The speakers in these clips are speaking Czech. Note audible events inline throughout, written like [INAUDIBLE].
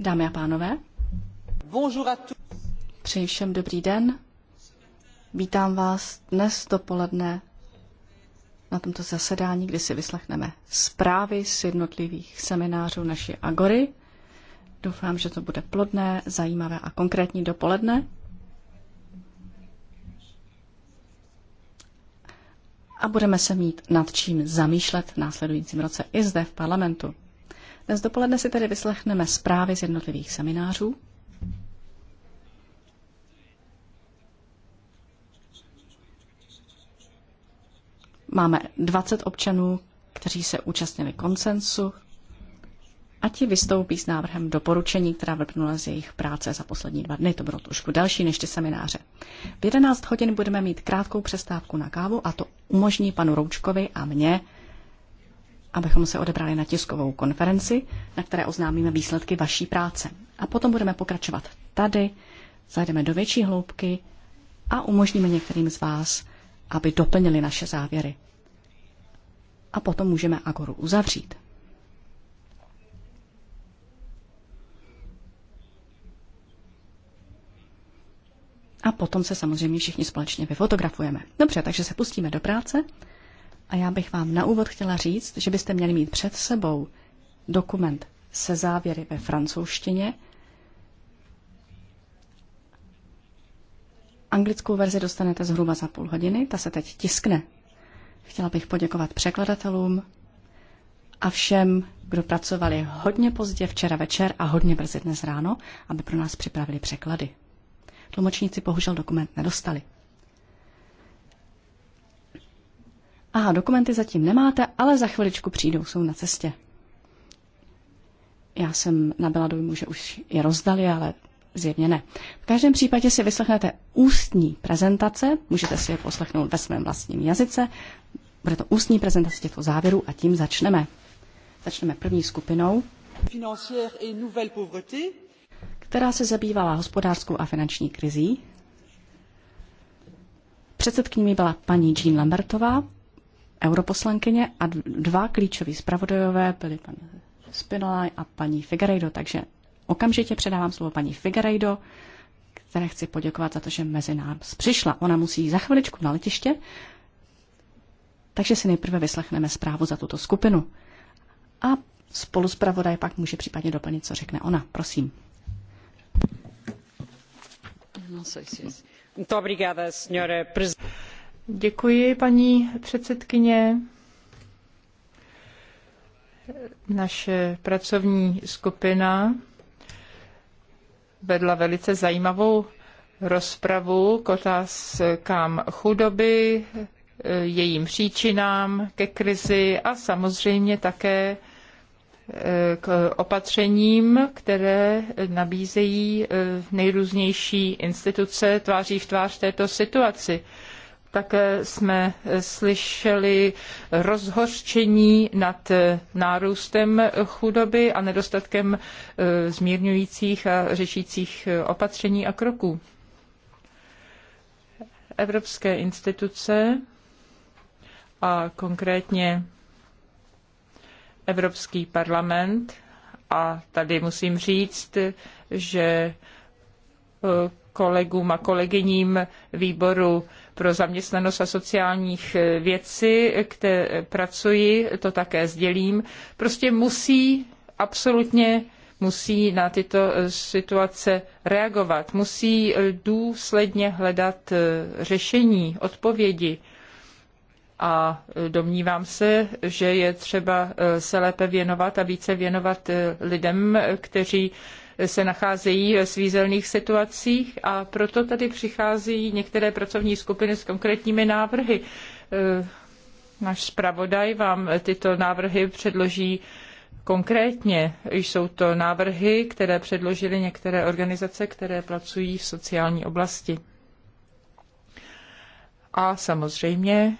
Dámy a pánové, přeji všem dobrý den. Vítám vás dnes dopoledne na tomto zasedání, kdy si vyslechneme zprávy z jednotlivých seminářů naší Agory. Doufám, že to bude plodné, zajímavé a konkrétní dopoledne. a budeme se mít nad čím zamýšlet v následujícím roce i zde v parlamentu. Dnes dopoledne si tedy vyslechneme zprávy z jednotlivých seminářů. Máme 20 občanů, kteří se účastnili konsensu a ti vystoupí s návrhem doporučení, která vrpnula z jejich práce za poslední dva dny. To bylo trošku další než ty semináře. V 11 hodin budeme mít krátkou přestávku na kávu a to umožní panu Roučkovi a mně, abychom se odebrali na tiskovou konferenci, na které oznámíme výsledky vaší práce. A potom budeme pokračovat tady, zajdeme do větší hloubky a umožníme některým z vás, aby doplnili naše závěry. A potom můžeme Agoru uzavřít. a potom se samozřejmě všichni společně vyfotografujeme. Dobře, takže se pustíme do práce a já bych vám na úvod chtěla říct, že byste měli mít před sebou dokument se závěry ve francouzštině. Anglickou verzi dostanete zhruba za půl hodiny, ta se teď tiskne. Chtěla bych poděkovat překladatelům a všem, kdo pracovali hodně pozdě včera večer a hodně brzy dnes ráno, aby pro nás připravili překlady. Tlumočníci bohužel dokument nedostali. Aha, dokumenty zatím nemáte, ale za chviličku přijdou, jsou na cestě. Já jsem nabyla dojmu, že už je rozdali, ale zjevně ne. V každém případě si vyslechnete ústní prezentace, můžete si je poslechnout ve svém vlastním jazyce. Bude to ústní prezentace těchto závěrů a tím začneme. Začneme první skupinou. Financière et nouvelle pauvreté která se zabývala hospodářskou a finanční krizí. Předsedkyní byla paní Jean Lambertová, europoslankyně, a dva klíčoví zpravodajové byli pan Spinola a paní Figueiredo. Takže okamžitě předávám slovo paní Figueiredo, které chci poděkovat za to, že mezi nás přišla. Ona musí za chviličku na letiště, takže si nejprve vyslechneme zprávu za tuto skupinu. A spolu zpravodaj pak může případně doplnit, co řekne ona. Prosím. Děkuji, paní předsedkyně. Naše pracovní skupina vedla velice zajímavou rozpravu k otázkám chudoby, jejím příčinám, ke krizi a samozřejmě také k opatřením, které nabízejí eh, nejrůznější instituce tváří v tvář této situaci. Také jsme eh, slyšeli rozhořčení nad eh, nárůstem chudoby a nedostatkem zmírňujících a řešících opatření a kroků. Evropské instituce a konkrétně Evropský parlament a tady musím říct, že eh, kolegům a kolegyním výboru pro zaměstnanost a sociálních eh, věcí, které pracuji, to také sdělím, prostě musí absolutně musí na tyto eh, situace reagovat, musí důsledně hledat řešení, odpovědi a domnívám se, že je třeba eh, se lépe věnovat a více věnovat eh, lidem, kteří se nacházejí v svízelných situacích a proto tady přichází některé pracovní skupiny s konkrétními návrhy. Eh, náš zpravodaj vám tyto návrhy předloží konkrétně. Jsou to návrhy, které předložily některé organizace, které pracují v sociální oblasti. A samozřejmě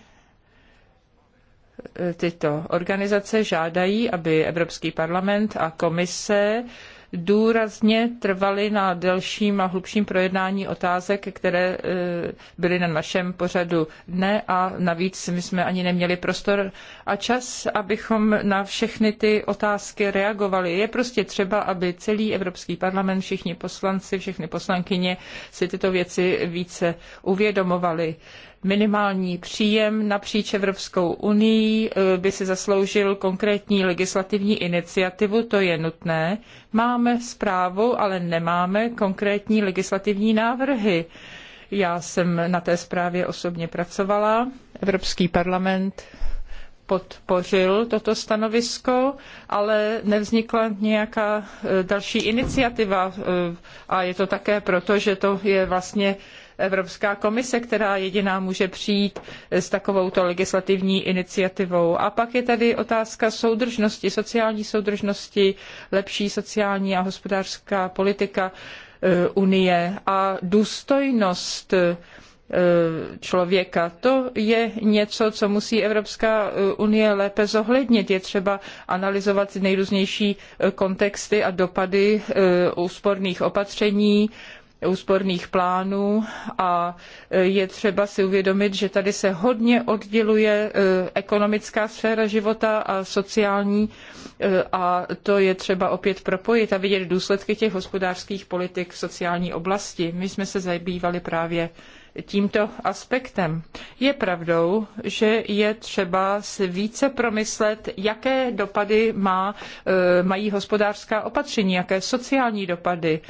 tyto organizace žádají, aby Evropský parlament a komise důrazně trvali na delším a hlubším projednání otázek, které e, byly na našem pořadu dne a navíc my jsme ani neměli prostor a čas, abychom na všechny ty otázky reagovali. Je prostě třeba, aby celý Evropský parlament, všichni poslanci, všechny poslankyně si tyto věci více uvědomovali minimální příjem napříč Evropskou unii eh, by si zasloužil konkrétní legislativní iniciativu, to je nutné. Máme zprávu, ale nemáme konkrétní legislativní návrhy. Já jsem na té zprávě osobně pracovala. Evropský parlament podpořil toto stanovisko, ale nevznikla nějaká eh, další iniciativa eh, a je to také proto, že to je vlastně Evropská komise, která jediná může přijít s takovouto legislativní iniciativou. A pak je tady otázka soudržnosti, sociální soudržnosti, lepší sociální a hospodářská politika eh, Unie a důstojnost eh, člověka. To je něco, co musí Evropská eh, unie lépe zohlednit. Je třeba analyzovat nejrůznější kontexty a dopady úsporných opatření, úsporných plánů a e, je třeba si uvědomit, že tady se hodně odděluje e, ekonomická sféra života a sociální e, a to je třeba opět propojit a vidět důsledky těch hospodářských politik v sociální oblasti. My jsme se zabývali právě tímto aspektem. Je pravdou, že je třeba si více promyslet, jaké dopady má, e, mají hospodářská opatření, jaké sociální dopady.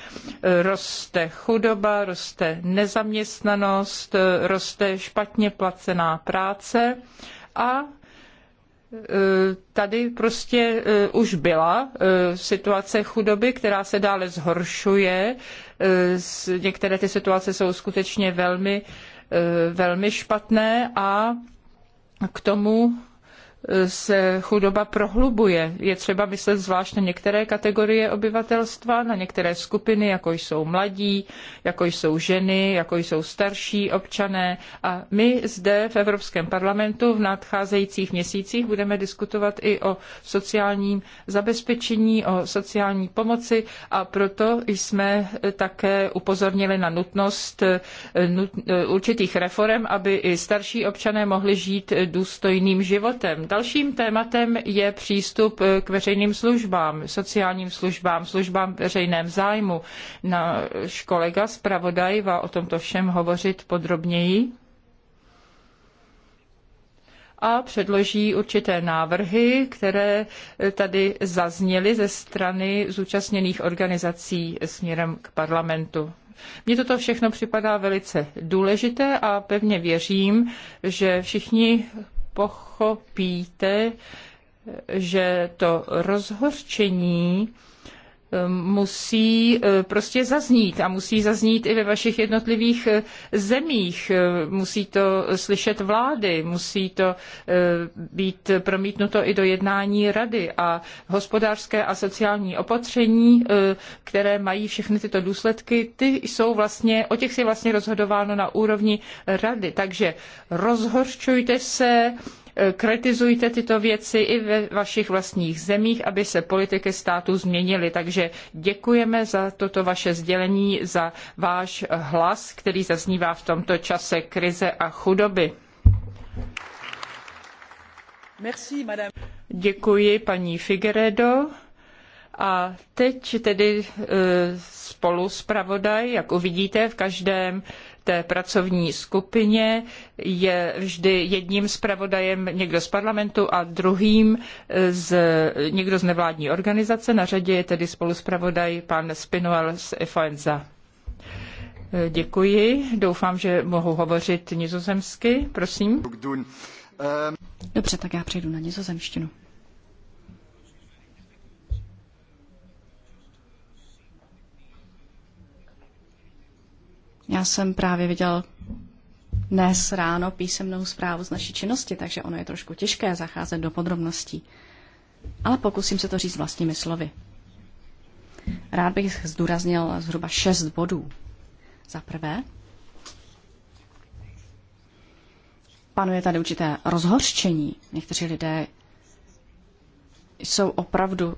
E, roste chudoba, roste nezaměstnanost, e, roste špatně placená práce a tady prostě už byla situace chudoby, která se dále zhoršuje některé ty situace jsou skutečně velmi, eh, velmi špatné a k tomu se chudoba prohlubuje. Je třeba myslet zvlášť na některé kategorie obyvatelstva, na některé skupiny, jako jsou mladí, jako jsou ženy, jako jsou starší občané. A my zde v Evropském parlamentu v nadcházejících měsících budeme diskutovat i o sociálním zabezpečení, o sociální pomoci a proto jsme také upozornili na nutnost eh, eh, určitých reform, aby i starší občané mohli žít důstojným životem Dalším tématem je přístup eh, k veřejným službám, sociálním službám, službám veřejném zájmu. Náš kolega zpravodaj va o tomto všem hovořit podrobněji a předloží určité návrhy, které eh, tady zazněly ze strany zúčastněných organizací směrem k parlamentu. Mně toto všechno připadá velice důležité a pevně věřím, že všichni pochopíte, že to rozhorčení musí eh, prostě zaznít a musí zaznít i ve vašich jednotlivých eh, zemích. Eh, musí to slyšet vlády, musí to být promítnuto i do jednání rady a hospodářské a sociální opatření, které mají všechny tyto důsledky, ty jsou vlastně, o těch si vlastně rozhodováno na úrovni rady. Takže rozhorčujte se, Eh, kritizujte tyto věci i ve vašich vlastních zemích, aby se politiky státu změnily. Takže děkujeme za toto vaše sdělení, za váš hlas, který zaznívá v tomto čase krize a chudoby. Merci, Děkuji paní Figueredo. A teď tedy eh, spolu zpravodaj, jak uvidíte v každém té pracovní skupině je vždy jedním zpravodajem někdo z parlamentu a druhým z, někdo z nevládní organizace. Na řadě je tedy spoluzpravodaj pan Spinoel z Efanza. Děkuji. Doufám, že mohu hovořit nizozemsky. Prosím. Dobře, tak já přejdu na nizozemštinu. Já jsem právě viděl dnes ráno písemnou zprávu z naší činnosti, takže ono je trošku těžké zacházet do podrobností. Ale pokusím se to říct vlastními slovy. Rád bych zdůraznil zhruba šest bodů. Za prvé, panuje tady určité rozhorčení. Někteří lidé jsou opravdu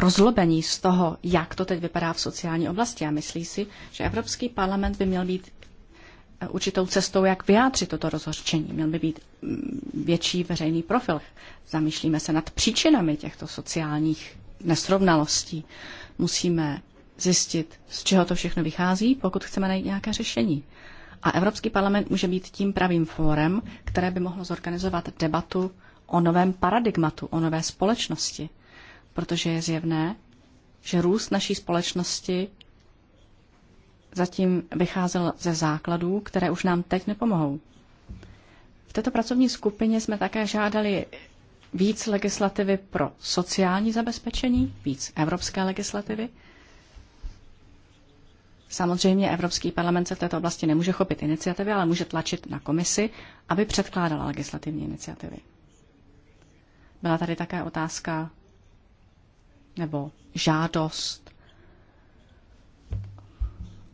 rozlobení z toho, jak to teď vypadá v sociální oblasti a myslí si, že Evropský parlament by měl být eh, určitou cestou, jak vyjádřit toto rozhorčení. Měl by být mm, větší veřejný profil. Zamýšlíme se nad příčinami těchto sociálních nesrovnalostí. Musíme zjistit, z čeho to všechno vychází, pokud chceme najít nějaké řešení. A Evropský parlament může být tím pravým fórem, které by mohlo zorganizovat debatu o novém paradigmatu, o nové společnosti protože je zjevné, že růst naší společnosti zatím vycházel ze základů, které už nám teď nepomohou. V této pracovní skupině jsme také žádali víc legislativy pro sociální zabezpečení, víc evropské legislativy. Samozřejmě Evropský parlament se v této oblasti nemůže chopit iniciativy, ale může tlačit na komisi, aby předkládala legislativní iniciativy. Byla tady také otázka nebo žádost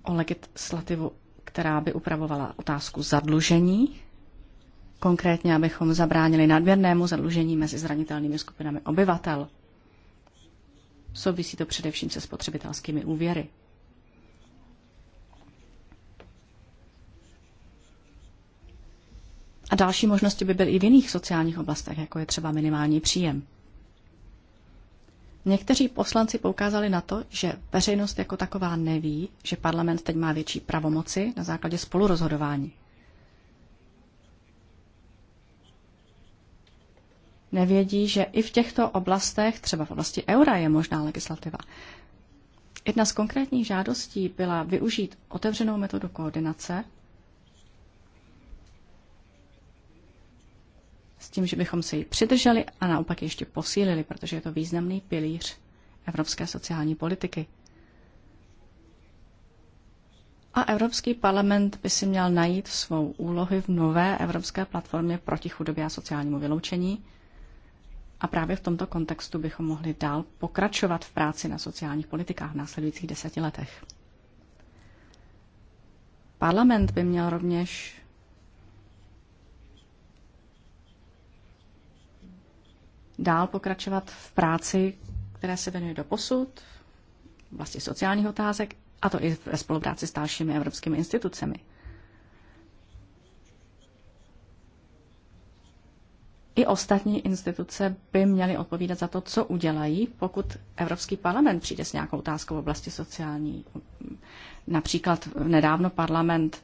o legislativu, která by upravovala otázku zadlužení, konkrétně abychom zabránili nadměrnému zadlužení mezi zranitelnými skupinami obyvatel. Souvisí to především se spotřebitelskými úvěry. A další možnosti by byly i v jiných sociálních oblastech, jako je třeba minimální příjem. Někteří poslanci poukázali na to, že veřejnost jako taková neví, že parlament teď má větší pravomoci na základě spolurozhodování. Nevědí, že i v těchto oblastech, třeba v oblasti eura, je možná legislativa. Jedna z konkrétních žádostí byla využít otevřenou metodu koordinace s tím, že bychom se ji přidrželi a naopak ještě posílili, protože je to významný pilíř evropské sociální politiky. A Evropský parlament by si měl najít svou úlohy v nové evropské platformě proti chudobě a sociálnímu vyloučení. A právě v tomto kontextu bychom mohli dál pokračovat v práci na sociálních politikách v následujících deseti letech. Parlament by měl rovněž dál pokračovat v práci, které se věnuje do posud, vlastně sociálních otázek, a to i ve spolupráci s dalšími evropskými institucemi. I ostatní instituce by měly odpovídat za to, co udělají, pokud Evropský parlament přijde s nějakou otázkou v oblasti sociální. Například nedávno parlament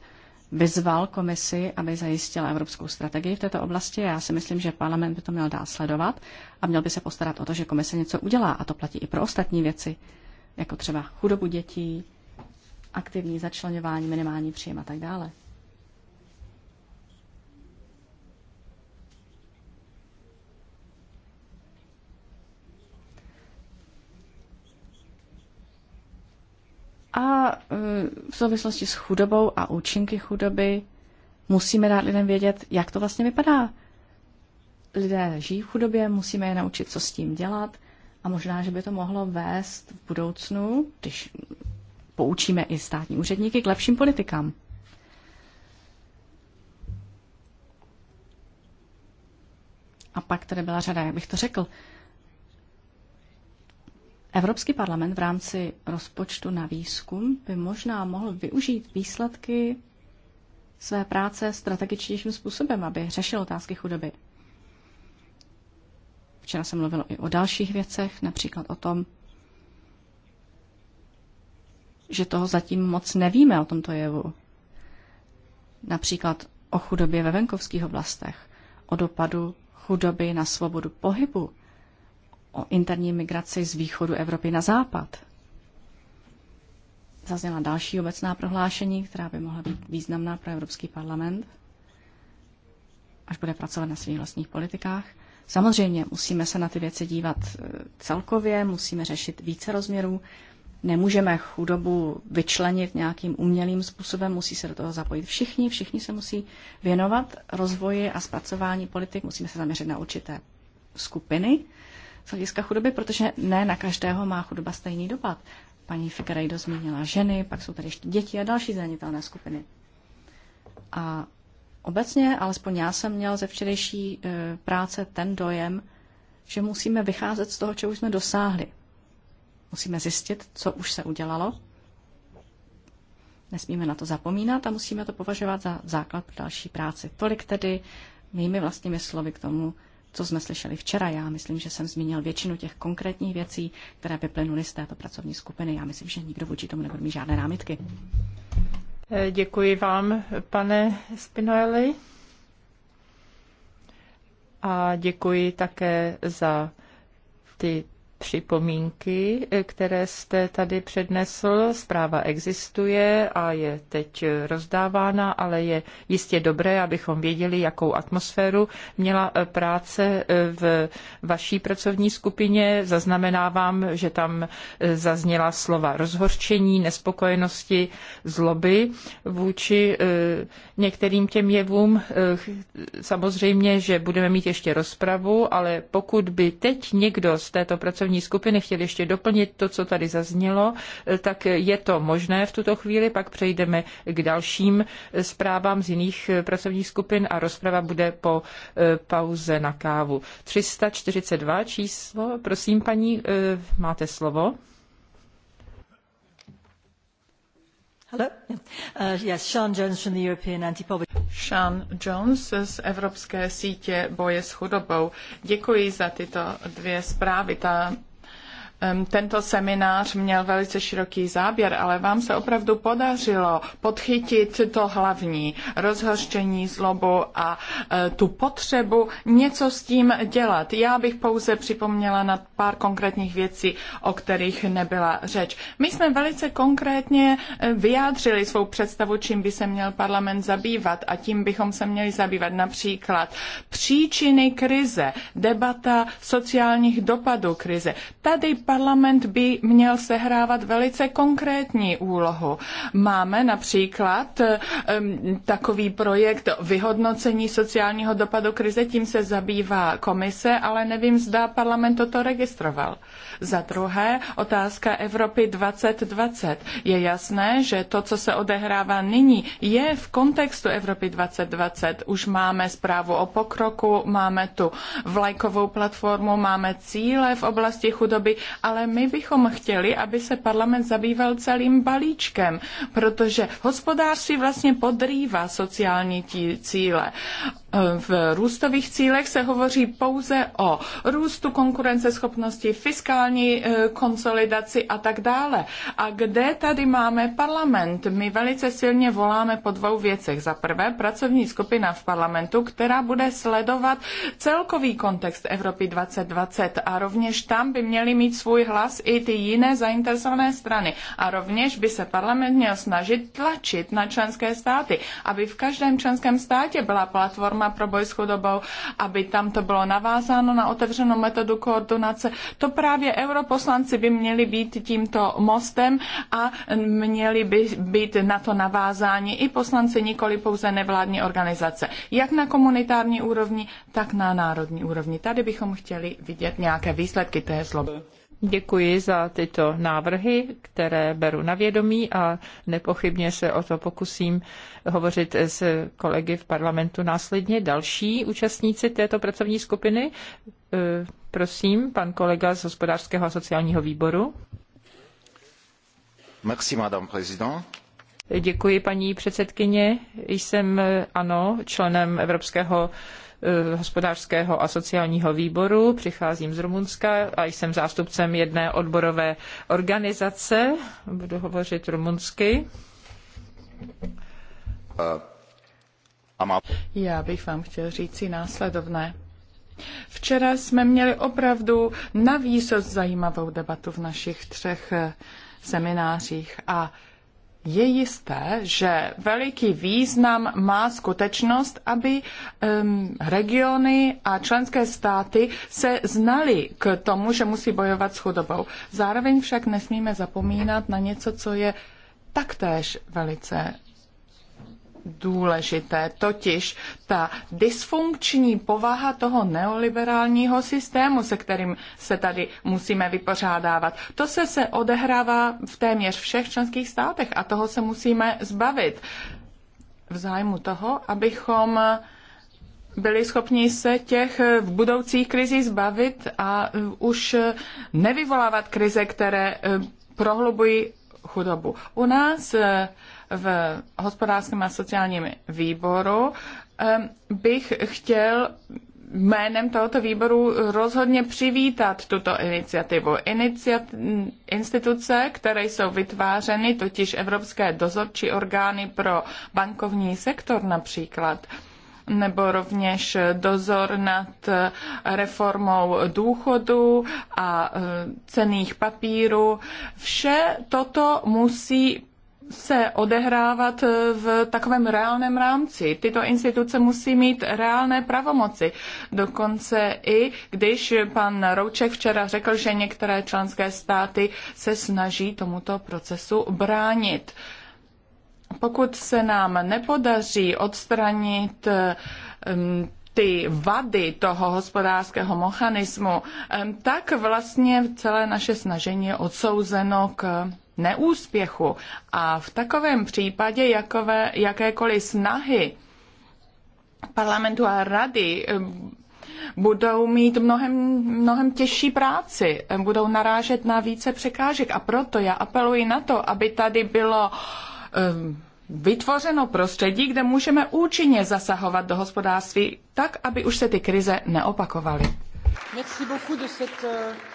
vyzval komisi, aby zajistila evropskou strategii v této oblasti. Já si myslím, že parlament by to měl dál sledovat a měl by se postarat o to, že komise něco udělá. A to platí i pro ostatní věci, jako třeba chudobu dětí, aktivní začlenování, minimální příjem a tak dále. A e, v souvislosti s chudobou a účinky chudoby musíme dát lidem vědět, jak to vlastně vypadá. Lidé žijí v chudobě, musíme je naučit, co s tím dělat. A možná, že by to mohlo vést v budoucnu, když poučíme i státní úředníky, k lepším politikám. A pak tady byla řada, jak bych to řekl, Evropský parlament v rámci rozpočtu na výzkum by možná mohl využít výsledky své práce strategičtějším způsobem, aby řešil otázky chudoby. Včera se mluvilo i o dalších věcech, například o tom, že toho zatím moc nevíme o tomto jevu. Například o chudobě ve venkovských oblastech, o dopadu chudoby na svobodu pohybu o interní migraci z východu Evropy na západ. Zazněla další obecná prohlášení, která by mohla být významná pro Evropský parlament, až bude pracovat na svých vlastních politikách. Samozřejmě musíme se na ty věci dívat e, celkově, musíme řešit více rozměrů. Nemůžeme chudobu vyčlenit nějakým umělým způsobem, musí se do toho zapojit všichni, všichni se musí věnovat rozvoji a zpracování politik, musíme se zaměřit na určité skupiny z hlediska chudoby, protože ne na každého má chudoba stejný dopad. Paní Figarejdo zmínila ženy, pak jsou tady ještě děti a další zranitelné skupiny. A obecně, alespoň já jsem měl ze včerejší e, práce ten dojem, že musíme vycházet z toho, čeho jsme dosáhli. Musíme zjistit, co už se udělalo. Nesmíme na to zapomínat a musíme to považovat za základ pro další práci. Tolik tedy mými vlastními slovy k tomu, co jsme slyšeli včera. Já myslím, že jsem zmínil většinu těch konkrétních věcí, které vyplynuly z této pracovní skupiny. Já myslím, že nikdo vůči tomu nebude mít žádné námitky. Eh, děkuji vám, pane Spinoeli. A děkuji také za ty připomínky, eh, které jste tady přednesl. Zpráva existuje a je teď rozdávána, ale je jistě dobré, abychom věděli, jakou atmosféru měla eh, práce eh, v vaší pracovní skupině. Zaznamenávám, že tam zazněla slova rozhorčení, nespokojenosti, zloby vůči některým těm jevům. Samozřejmě, že budeme mít ještě rozpravu, ale pokud by teď někdo z této pracovní pracovní skupiny chtěl ještě doplnit to, co tady zaznělo, eh, tak je to možné v tuto chvíli, pak přejdeme k dalším eh, zprávám z jiných eh, pracovních skupin a rozprava bude po pauze na kávu. 342 číslo, prosím paní, máte slovo. Hello? Uh, Jones Sean Jones z Evropské sítě boje s chudobou. Děkuji za tyto dvě zprávy. Ta tento seminář měl velice široký záběr, ale vám se opravdu podařilo podchytit to hlavní, rozhořčení, zlobu a e, tu potřebu něco s tím dělat. Já bych pouze připomněla na pár konkrétních věcí, o kterých nebyla řeč. My jsme velice konkrétně e, vyjádřili svou představu, čím by se měl parlament zabývat a tím bychom se měli zabývat například příčiny krize, debata sociálních dopadů krize. Tady parlament by měl sehrávat velice konkrétní úlohu. Máme například um, takový projekt vyhodnocení sociálního dopadu krize, tím se zabývá komise, ale nevím, zda parlament toto registroval. Za druhé, otázka Evropy 2020. Je jasné, že to, co se odehrává nyní, je v kontextu Evropy 2020. Už máme zprávu o pokroku, máme tu vlajkovou platformu, máme cíle v oblasti chudoby ale my bychom chtěli, aby se parlament zabýval celým balíčkem, protože hospodářství vlastně podrývá sociální cíle v růstových cílech se hovoří pouze o růstu konkurenceschopnosti, fiskální eh, konsolidaci a tak dále. A kde tady máme parlament? My velice silně voláme po dvou věcech. Za prvé pracovní skupina v parlamentu, která bude sledovat celkový kontext Evropy 2020 a rovněž tam by měly mít svůj hlas i ty jiné zainteresované strany. A rovněž by se parlament měl snažit tlačit na členské státy, aby v každém členském státě byla platforma platforma pro boj s chudobou, aby tam to bylo navázáno na otevřenou metodu koordinace. To právě europoslanci by měli být tímto mostem a měli by být na to navázáni i poslanci, nikoli pouze nevládní organizace. Jak na komunitární úrovni, tak na národní úrovni. Tady bychom chtěli vidět nějaké výsledky té zloby. Děkuji za tyto návrhy, které beru na vědomí a nepochybně se o to pokusím hovořit s kolegy v parlamentu následně. Další účastníci této pracovní skupiny, e, prosím, pan kolega z hospodářského a sociálního výboru. Merci, madame président. Děkuji, paní předsedkyně. Jsem, ano, členem Evropského Eh, hospodářského a sociálního výboru, přicházím z Rumunska a jsem zástupcem jedné odborové organizace, budu hovořit rumunsky. Já bych vám chtěl říci následovné. Včera jsme měli opravdu na zajímavou debatu v našich třech eh, seminářích a je jisté, že veliký význam má skutečnost, aby um, regiony a členské státy se znaly k tomu, že musí bojovat s chudobou. Zároveň však nesmíme zapomínat na něco, co je taktéž velice důležité, totiž ta dysfunkční povaha toho neoliberálního systému, se kterým se tady musíme vypořádávat. To se se odehrává v téměř všech členských státech a toho se musíme zbavit v zájmu toho, abychom byli schopni se těch v budoucích krizí zbavit a už nevyvolávat krize, které prohlubují chudobu. U nás v hospodářském a sociálním výboru, bych chtěl jménem tohoto výboru rozhodně přivítat tuto iniciativu. Iniciat- instituce, které jsou vytvářeny, totiž evropské dozorčí orgány pro bankovní sektor například, nebo rovněž dozor nad reformou důchodu a e, cených papíru. Vše toto musí se odehrávat e, v takovém reálném rámci. Tyto instituce musí mít reálné pravomoci. Dokonce i když pan Rouček včera řekl, že některé členské státy se snaží tomuto procesu bránit. Pokud se nám nepodaří odstranit um, ty vady toho hospodářského mechanismu, e, tak vlastně celé naše snažení je odsouzeno k neúspěchu. A v takovém případě jakové, jakékoliv snahy parlamentu a rady budou mít mnohem, mnohem těžší práci, budou narážet na více překážek. A proto já apeluji na to, aby tady bylo vytvořeno prostředí, kde můžeme účinně zasahovat do hospodářství tak, aby už se ty krize neopakovaly. Merci beaucoup de cette... Eh,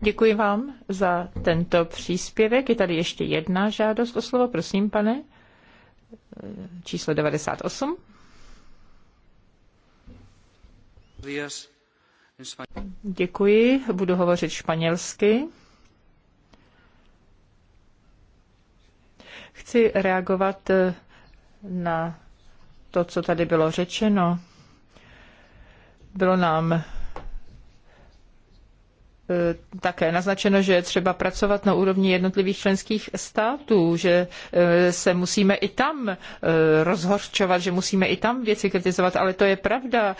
Děkuji vám za tento příspěvek. Je tady ještě jedna žádost o slovo, prosím, pane. Eh, číslo 98. Děkuji, budu hovořit španělsky. Chci reagovat eh, na to, co tady bylo řečeno. Bylo nám E, také naznačeno, že je třeba pracovat na úrovni jednotlivých členských států, že e, se musíme i tam e, rozhorčovat, že musíme i tam věci kritizovat, ale to je pravda.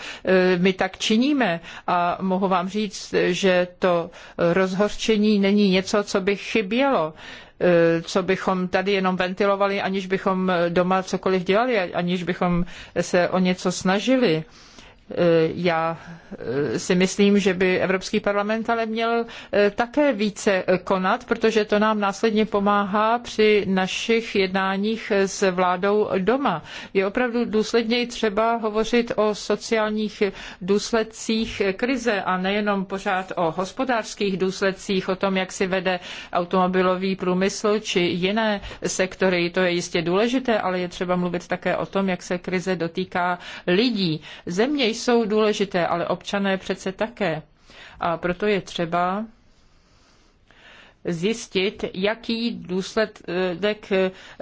My tak činíme a mohu vám říct, že to rozhorčení není něco, co by chybělo co bychom tady jenom ventilovali, aniž bychom doma cokoliv dělali, aniž bychom se o něco snažili. Eh, já eh, si myslím, že by Evropský parlament ale měl eh, také více konat, protože to nám následně pomáhá při našich jednáních s vládou doma. Je opravdu důsledněji třeba hovořit o sociálních důsledcích krize a nejenom pořád o hospodářských důsledcích, o tom, jak si vede automobilový průmysl či jiné sektory. To je jistě důležité, ale je třeba mluvit také o tom, jak se krize dotýká lidí. Země jsou důležité, ale občané přece také. A proto je třeba zjistit, jaký důsledek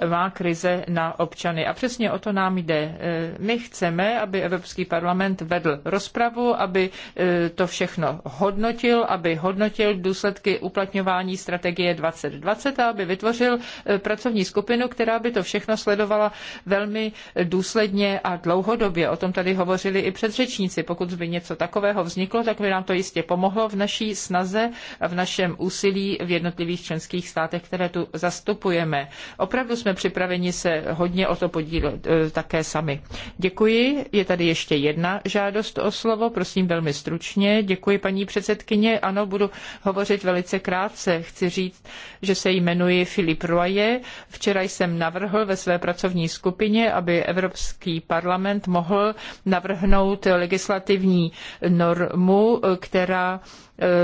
má krize na občany. A přesně o to nám jde. My chceme, aby Evropský parlament vedl rozpravu, aby eh, to všechno hodnotil, aby hodnotil důsledky uplatňování strategie 2020 a aby vytvořil eh, pracovní skupinu, která by to všechno sledovala velmi důsledně a dlouhodobě. O tom tady hovořili i předřečníci. Pokud by něco takového vzniklo, tak by nám to jistě pomohlo v naší snaze a v našem úsilí v jednotlivých jednotlivých členských státech, které tu zastupujeme. Opravdu jsme připraveni se hodně o to podílet e, také sami. Děkuji. Je tady ještě jedna žádost o slovo, prosím velmi stručně. Děkuji paní předsedkyně. Ano, budu hovořit velice krátce. Chci říct, že se jmenuji Filip Roye. Včera jsem navrhl ve své pracovní skupině, aby Evropský parlament mohl navrhnout legislativní normu, e, která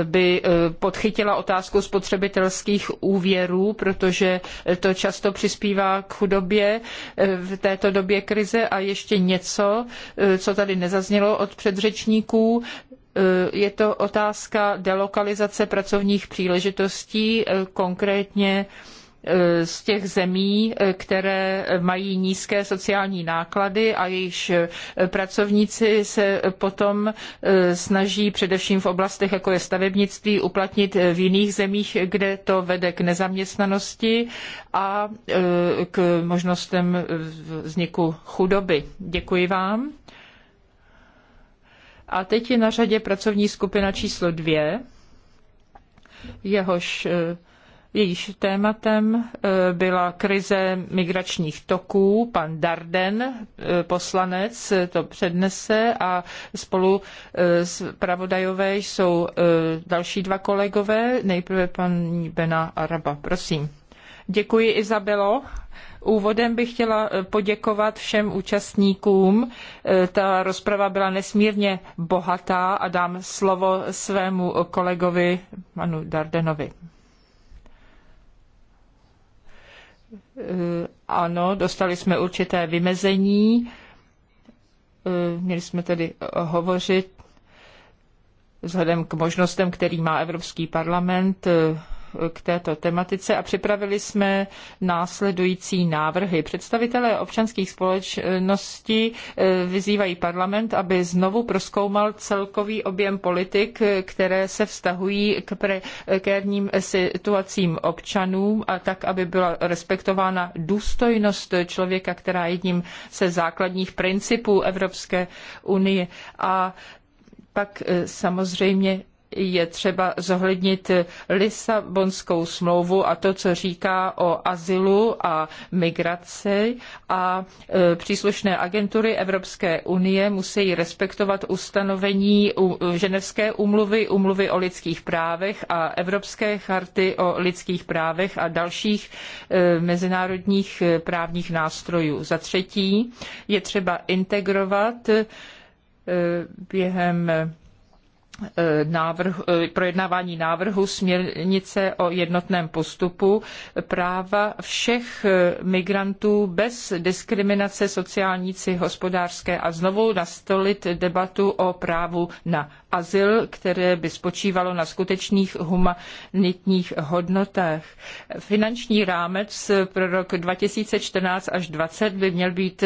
by eh, podchytila otázku spotřebitelských úvěrů, protože eh, to často přispívá k chudobě eh, v této době krize a ještě něco, co tady nezaznělo od předřečníků, je to otázka delokalizace pracovních příležitostí, konkrétně Eh, z těch zemí, eh, které mají nízké sociální náklady a jejichž eh, pracovníci se potom snaží především v oblastech, jako je stavebnictví, uplatnit v jiných zemích, kde to vede k nezaměstnanosti a k možnostem vzniku chudoby. Děkuji vám. A teď je na řadě pracovní skupina číslo dvě, jehož Jejíž tématem e, byla krize migračních toků. Pan Darden, e, poslanec, to přednese a spolu e, s pravodajové jsou další dva kolegové. Nejprve paní Bena Araba. Prosím. Děkuji, Izabelo. Úvodem bych chtěla poděkovat všem účastníkům. Ta rozprava byla nesmírně bohatá a dám slovo svému kolegovi panu Dardenovi. Eh, ano, dostali jsme určité vymezení. Eh, měli jsme tedy eh, hovořit vzhledem k možnostem, který má Evropský parlament k této tematice a připravili jsme následující návrhy. Představitelé občanských společností eh, vyzývají parlament, aby znovu proskoumal celkový objem politik, které se vztahují k prekérním situacím občanům a tak, aby byla respektována důstojnost člověka, která je jedním ze základních principů Evropské unie. A pak eh, samozřejmě je třeba zohlednit Lisabonskou smlouvu a to, co říká o azylu a migraci a e, příslušné agentury Evropské unie musí respektovat ustanovení e, Ženevské umluvy, umluvy o lidských právech a Evropské charty o lidských právech a dalších e, mezinárodních právních nástrojů. Za třetí je třeba integrovat během Eh, návrhu, eh, projednávání návrhu směrnice o jednotném postupu práva všech eh, migrantů bez diskriminace sociální či hospodářské a znovu nastolit debatu o právu na azyl, které by spočívalo na skutečných humanitních hodnotách. Finanční rámec pro rok 2014 až 2020 by měl, být,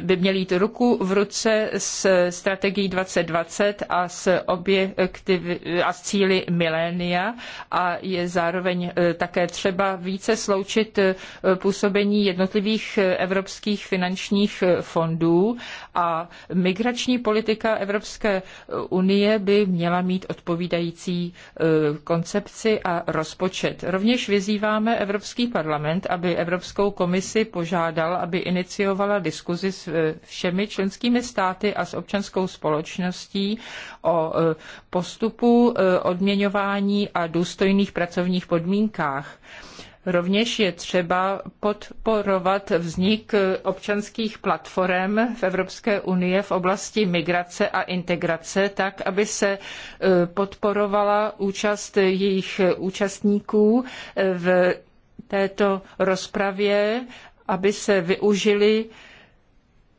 by měl jít ruku v ruce s strategií 2020 a s ob objektiv a s cíly milénia a je zároveň e, také třeba více sloučit e, působení jednotlivých e, evropských finančních fondů a migrační politika Evropské unie by měla mít odpovídající koncepci a rozpočet. Rovněž vyzýváme Evropský parlament, aby Evropskou komisi požádal, aby iniciovala diskuzi s všemi členskými státy a s občanskou společností o postupů, eh, odměňování a důstojných pracovních podmínkách. Rovněž je třeba podporovat vznik eh, občanských platform v Evropské unii v oblasti migrace a integrace, tak aby se eh, podporovala účast jejich účastníků v této rozpravě, aby se využili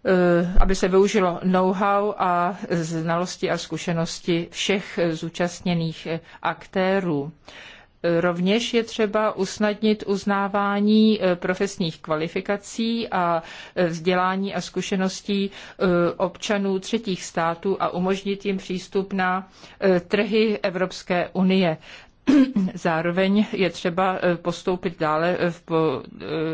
Eh, aby se využilo know-how a znalosti a zkušenosti všech zúčastněných eh, aktérů. Eh, rovněž je třeba usnadnit uznávání profesních kvalifikací a vzdělání a zkušeností občanů třetích států a umožnit jim přístup na trhy Evropské unie. [CLEARS THROAT] Zároveň je třeba eh, postoupit dále eh, v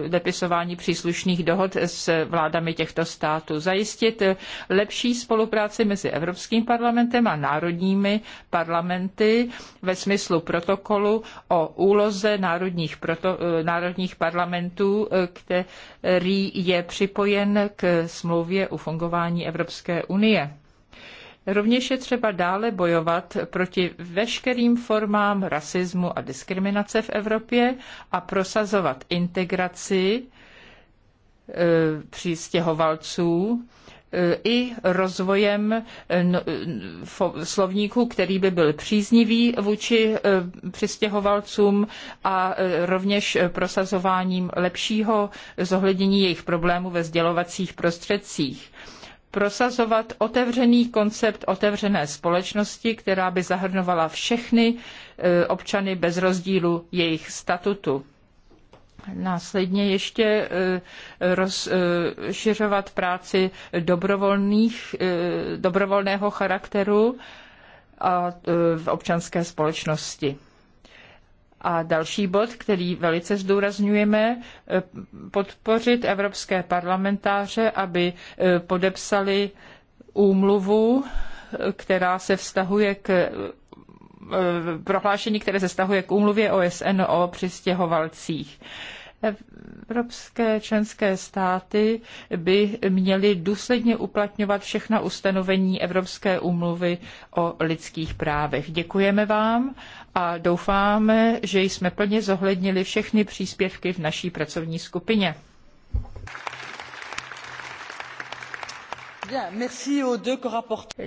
eh, depisování příslušných dohod s vládami těchto států, zajistit lepší spolupráci mezi Evropským parlamentem a národními parlamenty ve smyslu protokolu o úloze národních, proto, národních parlamentů, který je připojen k smlouvě o fungování Evropské unie. Rovněž je třeba dále bojovat proti veškerým formám rasismu a diskriminace v Evropě a prosazovat integraci e, přístěhovalců e, i rozvojem e, no, slovníku, který by byl příznivý vůči přistěhovalcům a rovněž prosazováním lepšího zohlednění jejich problémů ve sdělovacích prostředcích prosazovat otevřený koncept otevřené společnosti, která by zahrnovala všechny e, občany bez rozdílu jejich statutu. Následně ještě e, rozšiřovat e, práci dobrovolných, dobrovolného charakteru a v občanské společnosti. A další bod, který velice zdůrazňujeme, eh, podpořit evropské parlamentáře, aby eh, podepsali úmluvu, eh, která se vztahuje k prohlášení, které se vztahuje k úmluvě OSN o přistěhovalcích. Evropské členské státy by měly důsledně uplatňovat všechna ustanovení Evropské úmluvy o lidských právech. Děkujeme vám a doufáme, že jsme plně zohlednili všechny příspěvky v naší pracovní skupině.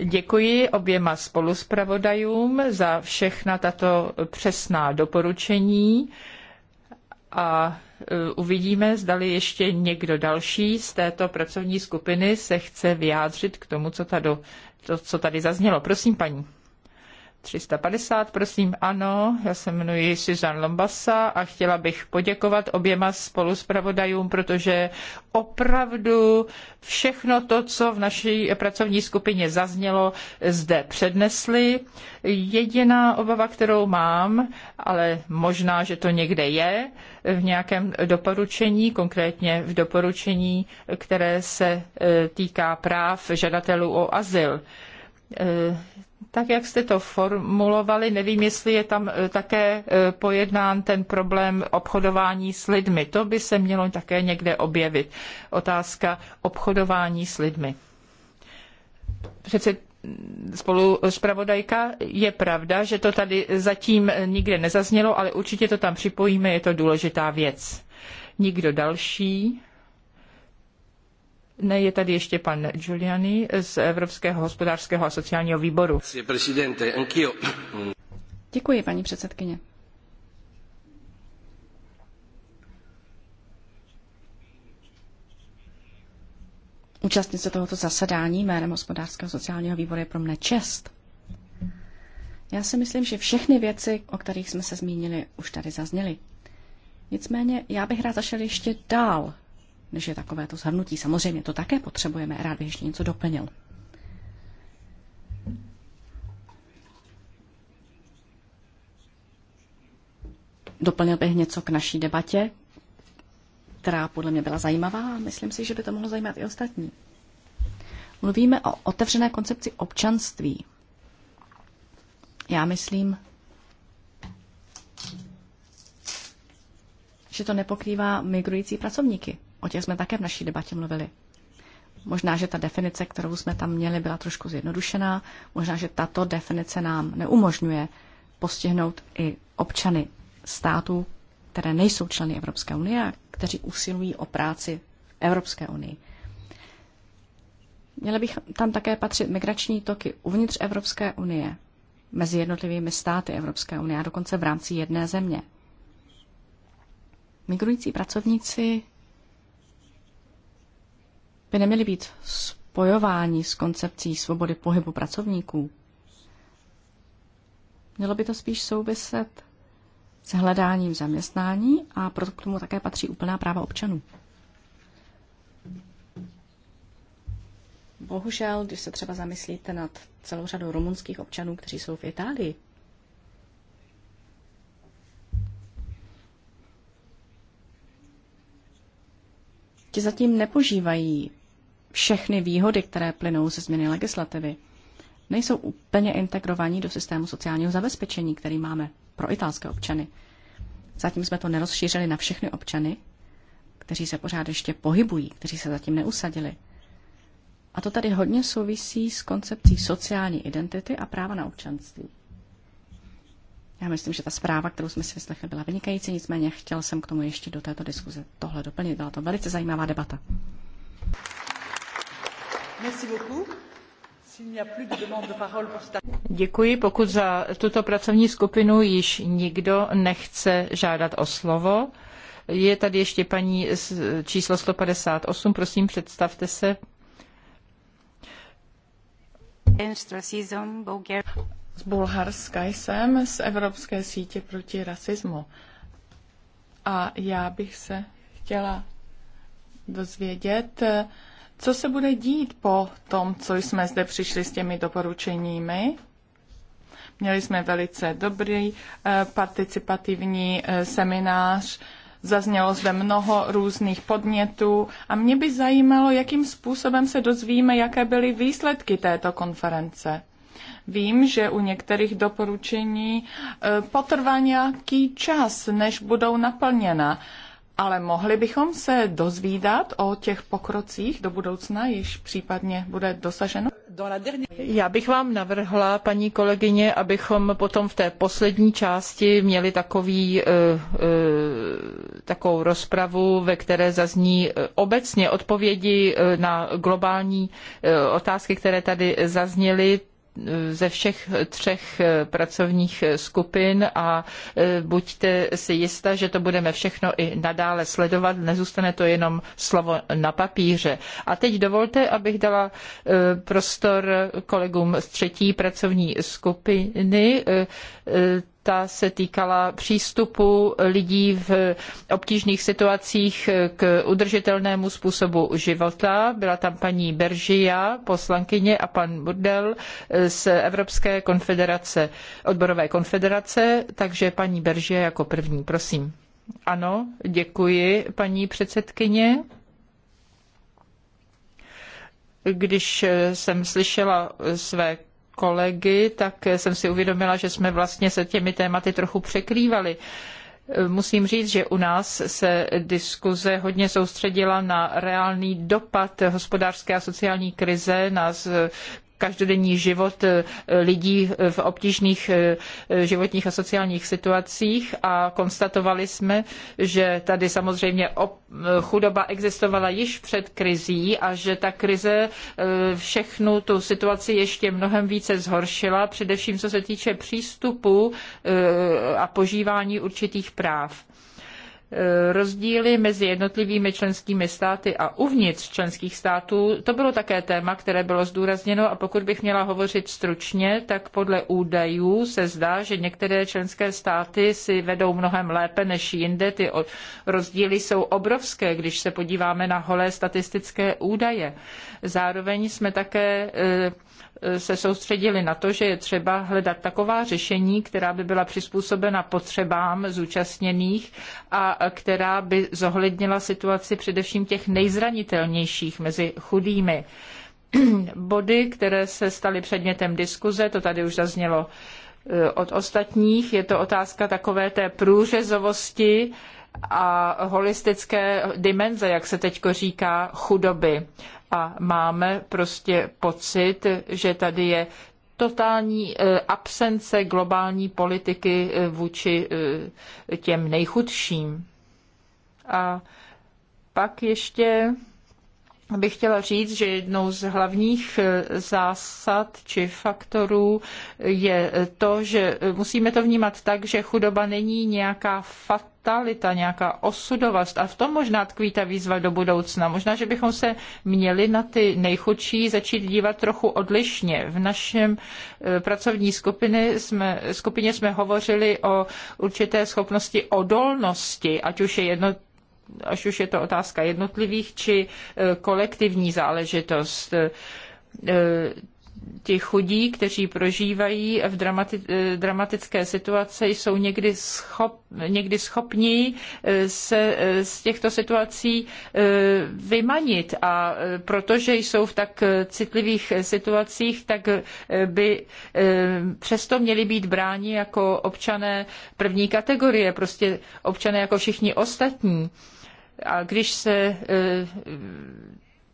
Děkuji oběma spoluspravodajům za všechna tato přesná doporučení a Eh, uvidíme, zdali ještě někdo další z této pracovní skupiny se chce vyjádřit k tomu, co tady, to, co tady zaznělo. Prosím, paní. 350, prosím, ano. Já se jmenuji Suzanne Lombasa a chtěla bych poděkovat oběma spoluspravodajům, protože opravdu všechno to, co v naší pracovní skupině zaznělo, zde přednesli. Jediná obava, kterou mám, ale možná, že to někde je, v nějakém doporučení, konkrétně v doporučení, které se e, týká práv žadatelů o azyl e, tak, jak jste to formulovali, nevím, jestli je tam e, také e, pojednán ten problém obchodování s lidmi. To by se mělo také někde objevit. Otázka obchodování s lidmi. Přece spolu zpravodajka, je pravda, že to tady zatím nikde nezaznělo, ale určitě to tam připojíme, je to důležitá věc. Nikdo další? Ne, je tady ještě pan Giuliani z Evropského hospodářského a sociálního výboru. Děkuji, paní předsedkyně. Účastnit se tohoto zasedání jménem hospodářského sociálního výboru je pro mne čest. Já si myslím, že všechny věci, o kterých jsme se zmínili, už tady zazněly. Nicméně já bych rád zašel ještě dál než je takové to zhrnutí. Samozřejmě to také potřebujeme, rád bych ještě něco doplnil. Doplnil bych něco k naší debatě, která podle mě byla zajímavá a myslím si, že by to mohlo zajímat i ostatní. Mluvíme o otevřené koncepci občanství. Já myslím, že to nepokrývá migrující pracovníky. O těch jsme také v naší debatě mluvili. Možná, že ta definice, kterou jsme tam měli, byla trošku zjednodušená. Možná, že tato definice nám neumožňuje postihnout i občany států, které nejsou členy Evropské unie a kteří usilují o práci v Evropské unii. Měly bych tam také patřit migrační toky uvnitř Evropské unie, mezi jednotlivými státy Evropské unie a dokonce v rámci jedné země. Migrující pracovníci by neměly být spojováni s koncepcí svobody pohybu pracovníků. Mělo by to spíš souviset s hledáním zaměstnání a proto k tomu také patří úplná práva občanů. Bohužel, když se třeba zamyslíte nad celou řadou rumunských občanů, kteří jsou v Itálii, ti zatím nepožívají všechny výhody, které plynou ze změny legislativy, nejsou úplně integrovaní do systému sociálního zabezpečení, který máme pro italské občany. Zatím jsme to nerozšířili na všechny občany, kteří se pořád ještě pohybují, kteří se zatím neusadili. A to tady hodně souvisí s koncepcí sociální identity a práva na občanství. Já myslím, že ta zpráva, kterou jsme si vyslechli, byla vynikající, nicméně chtěl jsem k tomu ještě do této diskuze tohle doplnit. Byla to velice zajímavá debata. Děkuji, pokud za tuto pracovní skupinu již nikdo nechce žádat o slovo. Je tady ještě paní číslo eight prosím představte se. Z Bulharska jsem, z Evropské sítě proti rasismu. A já bych se chtěla dozvědět, co se bude dít po tom, co jsme zde přišli s těmi doporučeními? Měli jsme velice dobrý eh, participativní eh, seminář, zaznělo zde mnoho různých podnětů a mě by zajímalo, jakým způsobem se dozvíme, jaké byly výsledky této konference. Vím, že u některých doporučení eh, potrvá nějaký čas, než budou naplněna. Ale mohli bychom se dozvídat o těch pokrocích do budoucna, již případně bude dosaženo? Já bych vám navrhla, paní kolegyně, abychom potom v té poslední části měli takový, eh, eh, takovou rozpravu, ve které zazní eh, obecně odpovědi na globální otázky, které tady zazněly ze všech třech eh, pracovních eh, skupin a eh, buďte si jista, že to budeme všechno i nadále sledovat, nezůstane to jenom slovo na papíře. A teď dovolte, abych dala prostor kolegům z třetí pracovní skupiny ta se týkala přístupu lidí v obtížných situacích k udržitelnému způsobu života. Byla tam paní Beržia, poslankyně a pan Burdel z Evropské konfederace, odborové konfederace, takže paní Beržia jako první, prosím. Ano, děkuji, paní předsedkyně když jsem slyšela své kolegy, tak jsem si uvědomila, že jsme vlastně se těmi tématy trochu překrývali. Musím říct, že u nás se diskuze hodně soustředila na reálný dopad hospodářské a sociální krize na každodenní život eh, lidí v obtížných eh, životních a sociálních situacích a konstatovali jsme, že tady samozřejmě chudoba existovala již před krizí a že ta krize eh, všechnu tu situaci ještě mnohem více zhoršila, především co se týče přístupu a požívání určitých práv. Eh, rozdíly mezi jednotlivými členskými státy a uvnitř členských států, to bylo také téma, které bylo zdůrazněno a pokud bych měla hovořit stručně, tak podle údajů se zdá, že některé členské státy si vedou mnohem lépe než jinde. Ty rozdíly jsou obrovské, když se podíváme na holé statistické údaje. Zároveň jsme také eh, se soustředili na to, že je třeba hledat taková řešení, která by byla přizpůsobena potřebám zúčastněných a která by zohlednila situaci především těch nejzranitelnějších mezi chudými. [CLEARS THROAT] Body, které se staly předmětem diskuze, to tady už zaznělo eh, od ostatních, je to otázka takové té průřezovosti, a holistické dimenze, jak se teď říká, chudoby a máme prostě pocit, že tady je totální eh, absence globální politiky eh, vůči eh, těm nejchudším. A pak ještě bych chtěla říct, že jednou z hlavních eh, zásad či faktorů je eh, to, že eh, musíme to vnímat tak, že chudoba není nějaká fatalita, nějaká osudovost. A v tom možná tkví ta výzva do budoucna. Možná, že bychom se měli na ty nejchudší začít dívat trochu odlišně. V našem pracovní skupině jsme, skupině jsme hovořili o určité schopnosti odolnosti, ať už je jedno až už je to otázka jednotlivých či eh, kolektivní záležitost eh, ti chudí, kteří prožívají v dramati- eh, dramatické situace, jsou někdy, schop, někdy schopni eh, se eh, z těchto situací vymanit. A protože jsou v tak citlivých situacích, tak by přesto měli být bráni jako občané první kategorie, prostě občané jako všichni ostatní. A když se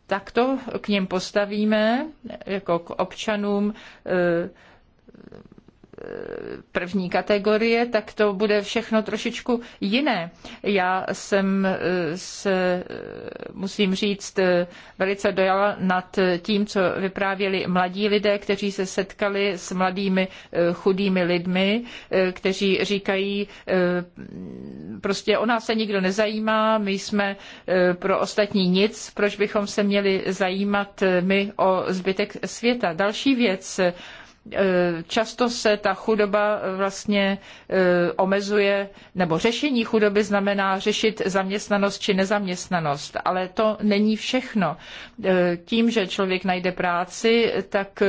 takto k něm postavíme, jako k občanům eh, první kategorie, tak to bude všechno trošičku jiné. Já jsem eh, se, eh, musím říct, eh, velice dojala nad tím, co vyprávěli mladí lidé, kteří se setkali s mladými chudými lidmi, kteří říkají, prostě o nás se nikdo nezajímá, my jsme pro ostatní nic, proč bychom se měli zajímat my o zbytek světa. Další věc, Eh, často se ta chudoba eh, vlastně eh, omezuje, nebo řešení chudoby znamená řešit zaměstnanost či nezaměstnanost, ale to není všechno. Tím, že člověk najde práci, tak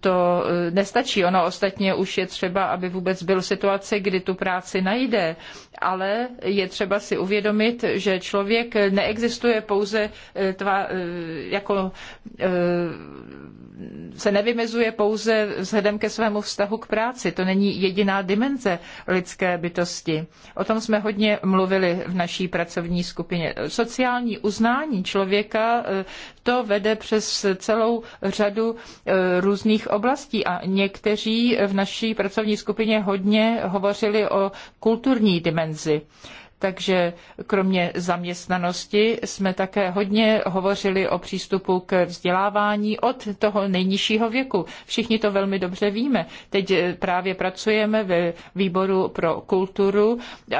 to nestačí. Ono ostatně už je třeba, aby vůbec byl situace, kdy tu práci najde, ale je třeba si uvědomit, že člověk neexistuje pouze jako se nevymezuje pouze vzhledem ke svému vztahu k práci. To není jediná dimenze lidské bytosti. O tom jsme hodně mluvili v naší pracovní skupině. Sociální uznání člověka e, to vede přes celou řadu e, různých oblastí a někteří v naší pracovní skupině hodně hovořili o kulturní dimenzi. Takže kromě zaměstnanosti jsme také hodně hovořili o přístupu k vzdělávání od toho nejnižšího věku. Všichni to velmi dobře víme. Teď eh, právě pracujeme ve výboru pro kulturu eh,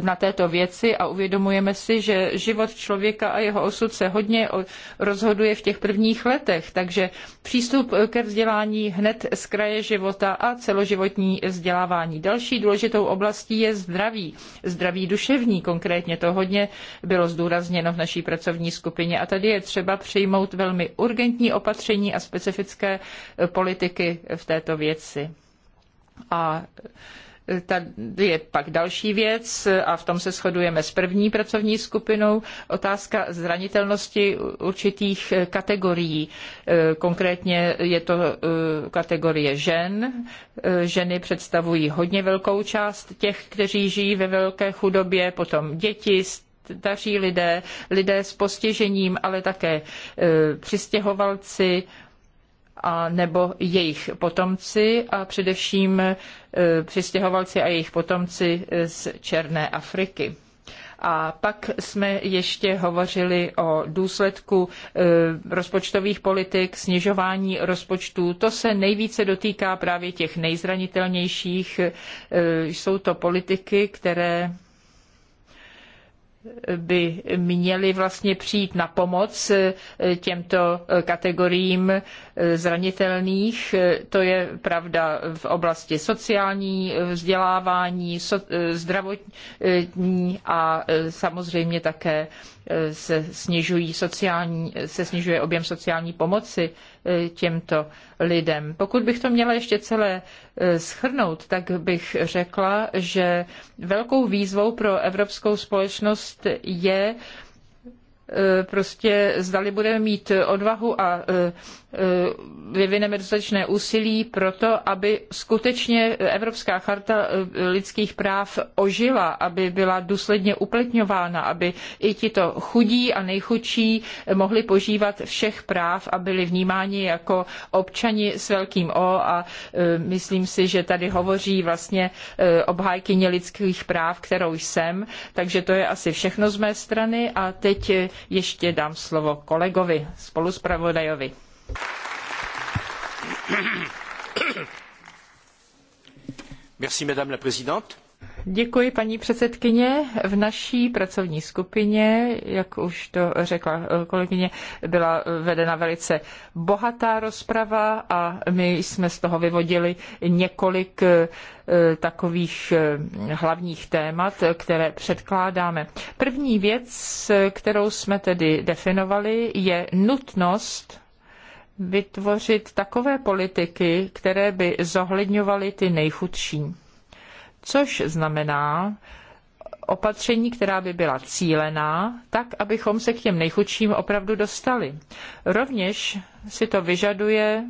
na této věci a uvědomujeme si, že život člověka a jeho osud se hodně rozhoduje v těch prvních letech. Takže přístup eh, ke vzdělání hned z kraje života a celoživotní vzdělávání. Další důležitou oblastí je zdraví. Zdraví duševní první konkrétně. To hodně bylo zdůrazněno v naší pracovní skupině. A tady je třeba přijmout velmi urgentní opatření a specifické eh, politiky v této věci. A Tady je pak další věc a v tom se shodujeme s první pracovní skupinou. Otázka zranitelnosti určitých kategorií. E, konkrétně je to e, kategorie žen. E, ženy představují hodně velkou část těch, kteří žijí ve velké chudobě, potom děti, staří lidé, lidé s postižením, ale také přistěhovalci, a nebo jejich potomci a především e, přistěhovalci a jejich potomci z Černé Afriky. A pak jsme ještě hovořili o důsledku e, rozpočtových politik, snižování rozpočtů. To se nejvíce dotýká právě těch nejzranitelnějších. E, jsou to politiky, které by měly vlastně přijít na pomoc e, těmto e, kategoriím e, zranitelných. To je pravda v oblasti sociální, vzdělávání, zdravotní a samozřejmě také se, snižují sociální, se snižuje objem sociální pomoci e, těmto lidem. Pokud bych to měla ještě celé e, schrnout, tak bych řekla, že velkou výzvou pro evropskou společnost je e, prostě zdali budeme mít odvahu a Eh, vyvineme dostatečné úsilí pro to, aby skutečně Evropská charta eh, lidských práv ožila, aby byla důsledně uplatňována, aby i tito chudí a nejchudší mohli požívat všech práv a byli vnímáni jako občani s velkým O a eh, myslím si, že tady hovoří vlastně obhájkyně lidských práv, kterou jsem, takže to je asi všechno z mé strany a teď ještě dám slovo kolegovi, spoluspravodajovi. Merci, madame la présidente. Děkuji, paní předsedkyně. V naší pracovní skupině, jak už to řekla eh, kolegyně, byla vedena velice bohatá rozprava a my jsme z toho vyvodili několik eh, takových eh, hlavních témat, které předkládáme. První věc, kterou jsme tedy definovali, je nutnost vytvořit takové politiky, které by zohledňovaly ty nejchudší. Což znamená, opatření, která by byla cílená, tak, abychom se k těm nejchudším opravdu dostali. Rovněž si to vyžaduje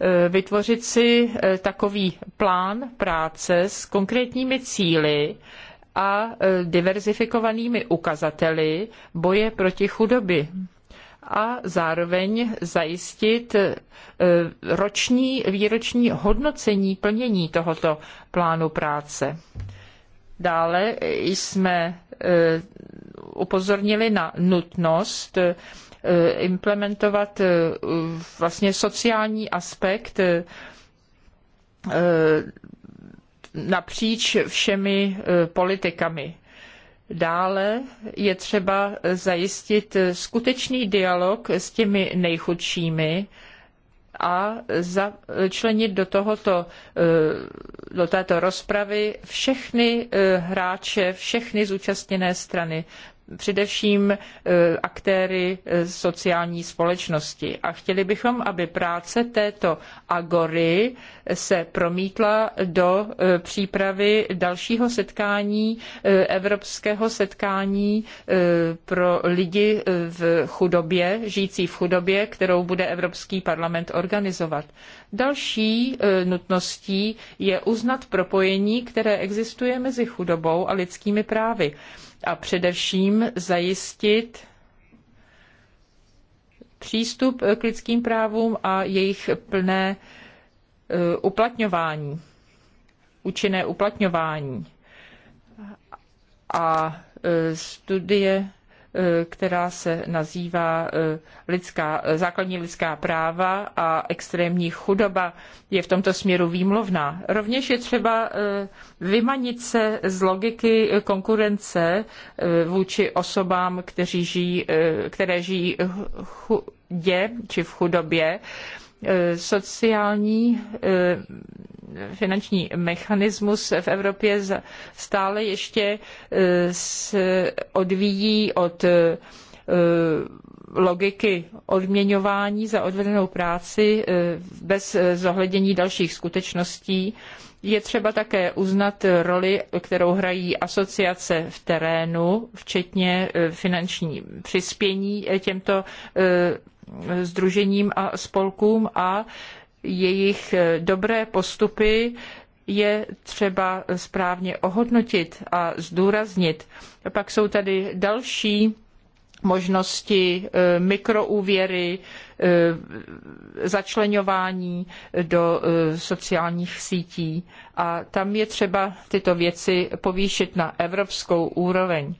e, vytvořit si e, takový plán práce s konkrétními cíly a e, diverzifikovanými ukazateli boje proti chudobě a zároveň zajistit eh, roční, výroční hodnocení plnění tohoto plánu práce. Dále jsme eh, upozornili na nutnost eh, implementovat vlastně sociální aspekt napříč všemi politikami Dále je třeba zajistit skutečný dialog s těmi nejchudšími a začlenit do, tohoto, eh, do této rozpravy všechny eh, hráče, všechny zúčastněné strany především eh, aktéry eh, sociální společnosti. A chtěli bychom, aby práce této agory se promítla do eh, přípravy dalšího setkání, evropského setkání pro lidi v chudobě, žijící v chudobě, kterou bude Evropský parlament organizovat. Další nutností je uznat propojení, které existuje mezi chudobou a lidskými právy a především zajistit přístup k lidským právům a jejich plné e, uplatňování, účinné uplatňování. A e, studie Eh, která se nazývá eh, lidská, základní lidská práva a extrémní chudoba je v tomto směru výmluvná. Rovněž je třeba eh, vymanit se z logiky konkurence vůči osobám, kteří žijí, které žijí chudě či v chudobě sociální eh, finanční mechanismus v Evropě stále ještě eh, se odvíjí od eh, logiky odměňování za odvedenou práci bez zohlednění dalších skutečností. Je třeba také uznat roli, kterou hrají asociace v terénu, včetně finanční přispění těmto združením a spolkům a jejich eh, dobré postupy je třeba správně ohodnotit a zdůraznit. Pak jsou tady další možnosti eh, mikroúvěry, eh, začlenování do sociálních sítí. A tam je třeba tyto věci povýšit na evropskou úroveň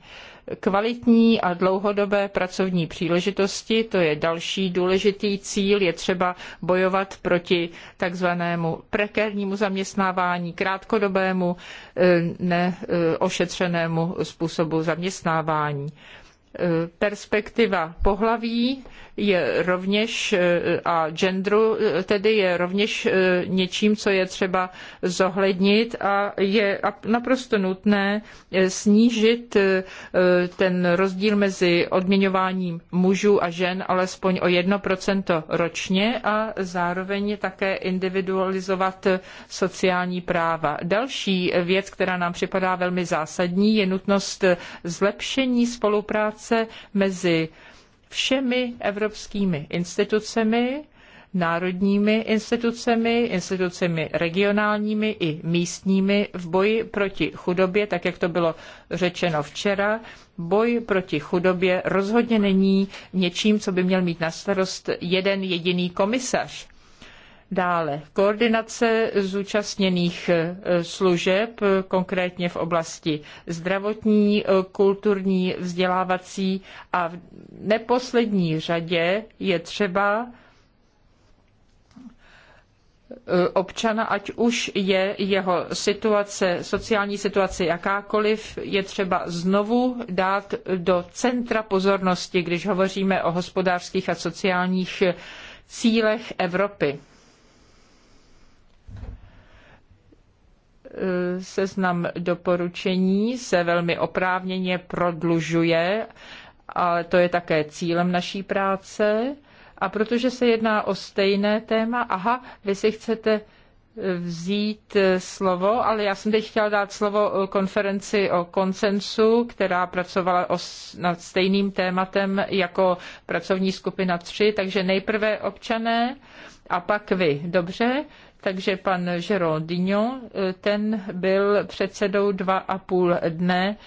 kvalitní a dlouhodobé pracovní příležitosti, to je další důležitý cíl, je třeba bojovat proti takzvanému prekérnímu zaměstnávání, krátkodobému eh, neošetřenému eh, způsobu zaměstnávání. Eh, perspektiva pohlaví je rovněž eh, a genderu eh, tedy je rovněž něčím, co je třeba zohlednit a je naprosto nutné snížit ten rozdíl mezi odměňováním mužů a žen alespoň o 1% ročně a zároveň také individualizovat sociální práva. Další věc, která nám připadá velmi zásadní, je nutnost zlepšení spolupráce spolupráce mezi všemi evropskými institucemi, národními institucemi, institucemi regionálními i místními v boji proti chudobě, tak jak to bylo řečeno včera. Boj proti chudobě rozhodně není něčím, co by měl mít na starost jeden jediný komisař. Dále koordinace zúčastněných e, služeb, konkrétně v oblasti zdravotní, e, kulturní, vzdělávací a v neposlední řadě je třeba e, občana, ať už je jeho situace, sociální situace jakákoliv, je třeba znovu dát do centra pozornosti, když hovoříme o hospodářských a sociálních cílech Evropy. Eh, seznam doporučení se velmi oprávněně prodlužuje, ale to je také cílem naší práce. A protože se jedná o stejné téma, aha, vy si chcete eh, vzít eh, slovo, ale já jsem teď chtěla dát slovo konferenci o konsensu, která pracovala o, nad stejným tématem jako pracovní skupina 3, takže nejprve občané a pak vy. Dobře, takže pan Jérôme Dignon, eh, ten byl předsedou dva a půl dne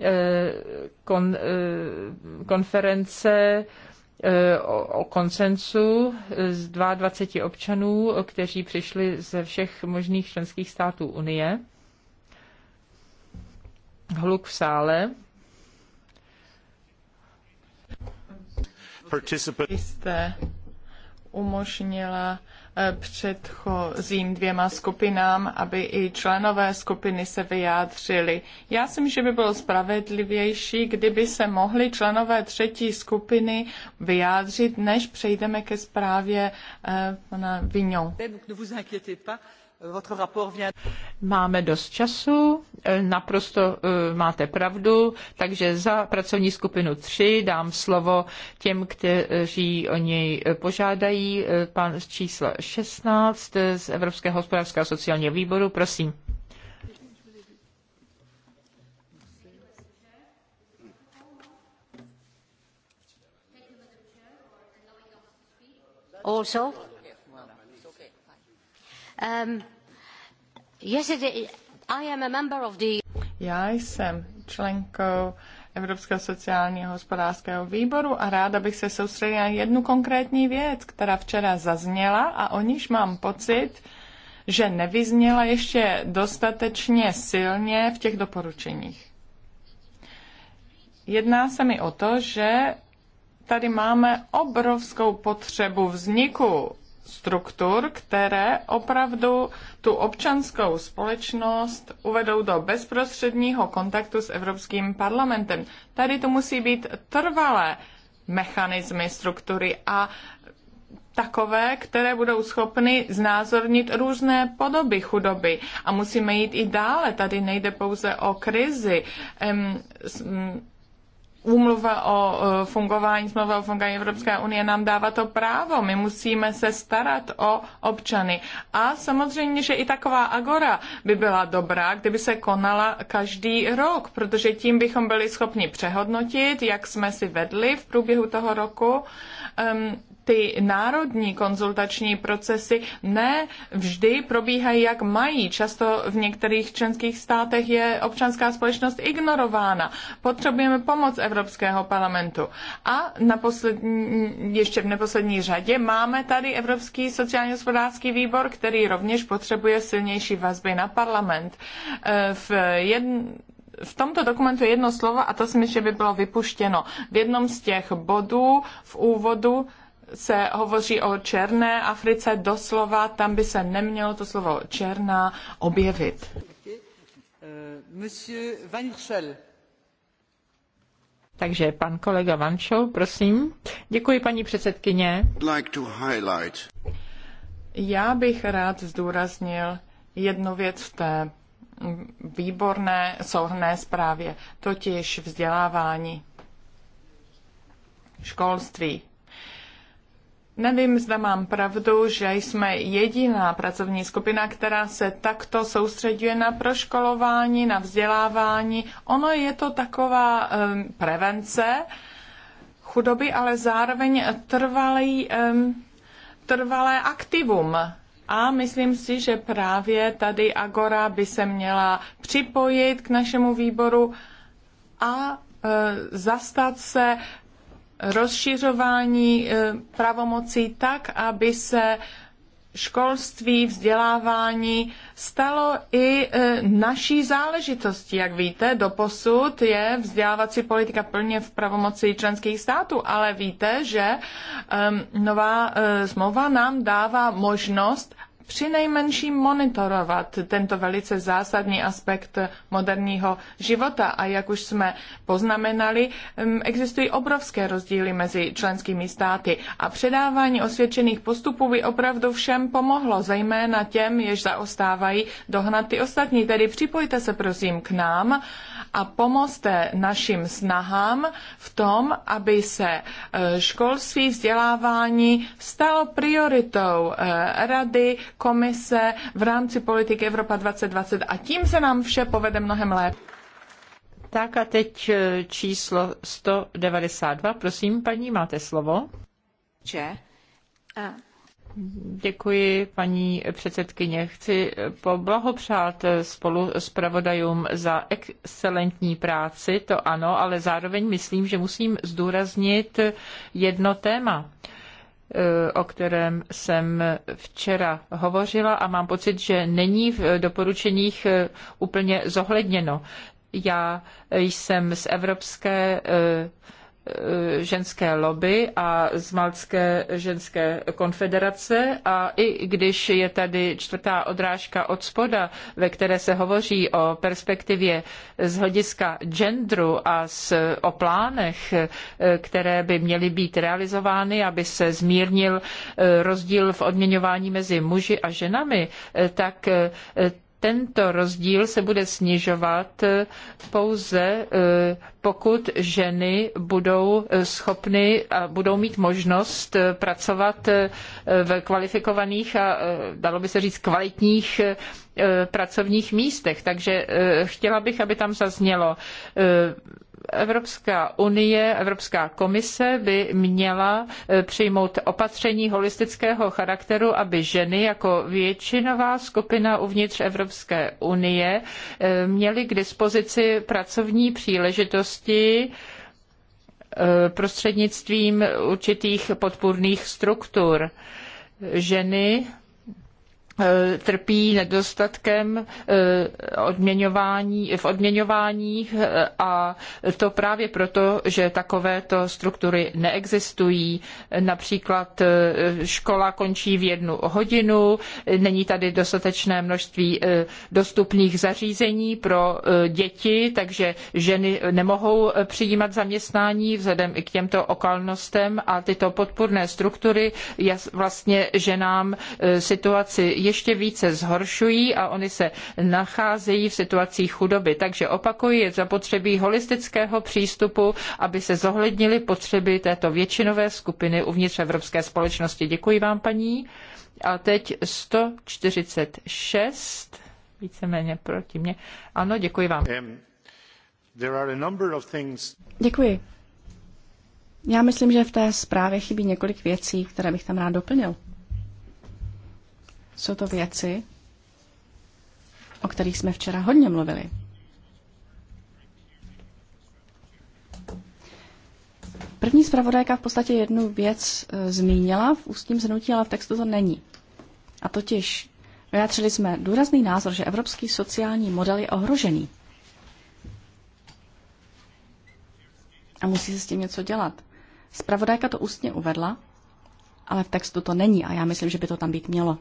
eh, kon, eh, konference o, o konsensu z 22 občanů, kteří přišli ze všech možných členských států Unie. Hluk v sále. Jste umožnila předchozím dvěma skupinám, aby i členové skupiny se vyjádřili. Já si myslím, že by bylo spravedlivější, kdyby se mohli členové třetí skupiny vyjádřit, než přejdeme ke zprávě eh, pana Vignon. Máme dost času, eh, naprosto eh, máte pravdu, takže za pracovní skupinu 3 dám slovo těm, kteří o něj eh, požádají. Pan číslo 16 z Evropského hospodářského sociálního výboru, prosím. Also, Um, Já jsem členkou Evropského sociálního hospodářského výboru a ráda bych se soustředila na jednu konkrétní věc, která včera zazněla a o níž mám pocit, že nevyzněla ještě dostatečně silně v těch doporučeních. Jedná se mi o to, že tady máme obrovskou potřebu vzniku struktur, které opravdu tu občanskou společnost uvedou do bezprostředního kontaktu s Evropským parlamentem. Tady to musí být trvalé mechanismy, struktury a takové, které budou schopny znázornit různé podoby chudoby. A musíme jít i dále. Tady nejde pouze o krizi. Úmluva o e, fungování, smlouva o fungování Evropské unie nám dává to právo. My musíme se starat o občany. A samozřejmě, že i taková agora by byla dobrá, kdyby se konala každý rok, protože tím bychom byli schopni přehodnotit, jak jsme si vedli v průběhu toho roku. Um, ty národní konzultační procesy ne vždy probíhají, jak mají. Často v některých členských státech je občanská společnost ignorována. Potřebujeme pomoc Evropského parlamentu. A na poslední, ještě v neposlední řadě máme tady Evropský sociálně hospodářský výbor, který rovněž potřebuje silnější vazby na parlament. E, v jedn, v tomto dokumentu je jedno slovo a to si myslím, že by bylo vypuštěno. V jednom z těch bodů v úvodu se hovoří o černé Africe, doslova tam by se nemělo to slovo černá objevit. Takže pan kolega Vančel, prosím. Děkuji, paní předsedkyně. Já bych rád zdůraznil jednu věc v té výborné souhrné zprávě, totiž vzdělávání, školství Nevím, zda mám pravdu, že jsme jediná pracovní skupina, která se takto soustředuje na proškolování, na vzdělávání. Ono je to taková um, prevence chudoby, ale zároveň trvalý, um, trvalé aktivum. A myslím si, že právě tady Agora by se měla připojit k našemu výboru a e, zastat se rozšiřování eh, pravomocí tak, aby se školství, vzdělávání stalo i eh, naší záležitostí. Jak víte, doposud je vzdělávací politika plně v pravomoci členských států, ale víte, že ehm, nová eh, smlouva nám dává možnost přinejmenším monitorovat tento velice zásadní aspekt moderního života. A jak už jsme poznamenali, mm, existují obrovské rozdíly mezi členskými státy a předávání osvědčených postupů by opravdu všem pomohlo, zejména těm, jež zaostávají dohnat ty ostatní. Tedy připojte se prosím k nám a pomozte našim snahám v tom, aby se e, školství vzdělávání stalo prioritou e, rady, komise v rámci politiky Evropa 2020 a tím se nám vše povede mnohem lépe. Tak a teď e, číslo 192, prosím, paní, máte slovo. Če. A. Děkuji, paní předsedkyně. Chci poblahopřát spolu s pravodajům za excelentní práci, to ano, ale zároveň myslím, že musím zdůraznit jedno téma e, o kterém jsem včera hovořila a mám pocit, že není v doporučeních e, úplně zohledněno. Já jsem z Evropské e, Eh, ženské lobby a z Malcké ženské konfederace a i když je tady čtvrtá odrážka od spoda, ve které se hovoří o perspektivě z hlediska genderu a o plánech, eh, které by měly být realizovány, aby se zmírnil eh, rozdíl v odměňování mezi muži a ženami, tak tento rozdíl se bude snižovat pouze eh, pokud ženy budou eh, schopny a budou mít možnost eh, pracovat v kvalifikovaných a dalo by se říct kvalitních pracovních místech. Takže chtěla bych, aby tam zaznělo Evropská unie, Evropská komise by měla eh, přijmout opatření holistického charakteru, aby ženy jako většinová skupina uvnitř Evropské unie eh, měly k dispozici pracovní příležitosti, eh, prostřednictvím určitých podpůrných struktur. Ženy Eh, trpí nedostatkem eh, odměňování, v odměňování eh, a to právě proto, že takovéto struktury neexistují. Například škola končí v jednu hodinu, není tady dostatečné množství dostupných zařízení pro děti, takže ženy nemohou přijímat zaměstnání vzhledem i k těmto okolnostem a tyto podpůrné struktury vlastně ženám situaci ještě více zhoršují a oni se nacházejí v situacích chudoby. Takže opakuji, je zapotřebí holistického přístupu, aby se zohlednily potřeby této většinové skupiny uvnitř evropské společnosti. Děkuji vám, paní. A teď 146, víceméně proti mě. Ano, děkuji vám. Um, děkuji. Já myslím, že v té zprávě chybí několik věcí, které bych tam rád doplnil. Jsou to věci, o kterých jsme včera hodně mluvili. První zpravodajka v podstatě jednu věc e, zmínila v ústním zhrnutí, ale v textu to není. A totiž vyjádřili jsme důrazný názor, že evropský sociální model je ohrožený. A musí se s tím něco dělat. Spravodajka to ústně uvedla, ale v textu to není a já myslím, že by to tam být mělo.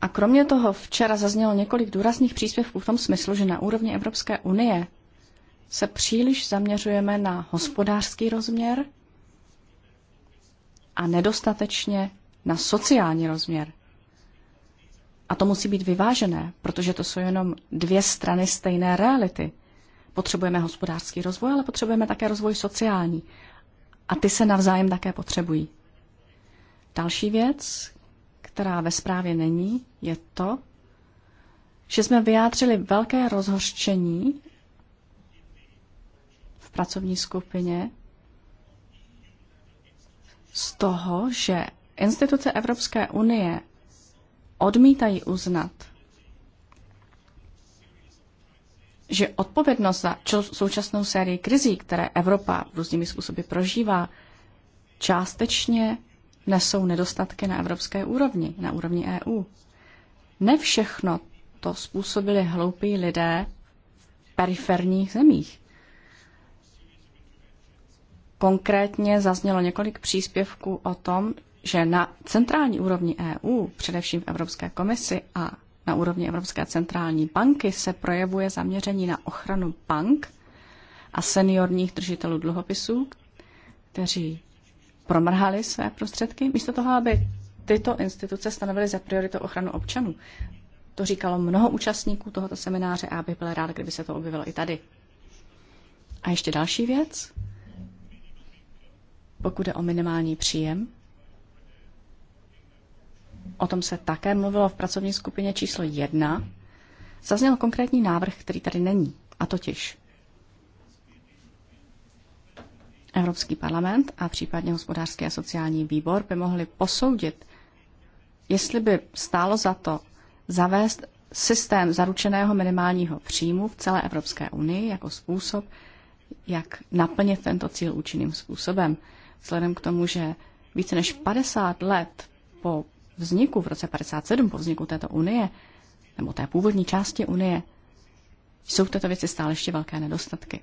A kromě toho včera zaznělo několik důrazných příspěvků v tom smyslu, že na úrovni Evropské unie se příliš zaměřujeme na hospodářský rozměr a nedostatečně na sociální rozměr. A to musí být vyvážené, protože to jsou jenom dvě strany stejné reality. Potřebujeme hospodářský rozvoj, ale potřebujeme také rozvoj sociální. A ty se navzájem také potřebují. Další věc, která ve zprávě není, je to, že jsme vyjádřili velké rozhořčení v pracovní skupině z toho, že instituce Evropské unie odmítají uznat, že odpovědnost za současnou sérii krizí, které Evropa různými způsoby prožívá, částečně nesou nedostatky na evropské úrovni, na úrovni EU. Ne všechno to způsobili hloupí lidé v periferních zemích. Konkrétně zaznělo několik příspěvků o tom, že na centrální úrovni EU, především v Evropské komisi a na úrovni Evropské centrální banky, se projevuje zaměření na ochranu bank a seniorních držitelů dluhopisů, kteří promrhali své prostředky, místo toho, aby tyto instituce stanovily za prioritu ochranu občanů. To říkalo mnoho účastníků tohoto semináře a já bych byla ráda, kdyby se to objevilo i tady. A ještě další věc, pokud je o minimální příjem, o tom se také mluvilo v pracovní skupině číslo jedna, zazněl konkrétní návrh, který tady není, a totiž Evropský parlament a případně hospodářský a sociální výbor by mohli posoudit, jestli by stálo za to zavést systém zaručeného minimálního příjmu v celé Evropské unii jako způsob, jak naplnit tento cíl účinným způsobem. Vzhledem k tomu, že více než 50 let po vzniku, v roce 57 po vzniku této unie, nebo té původní části unie, jsou v této věci stále ještě velké nedostatky.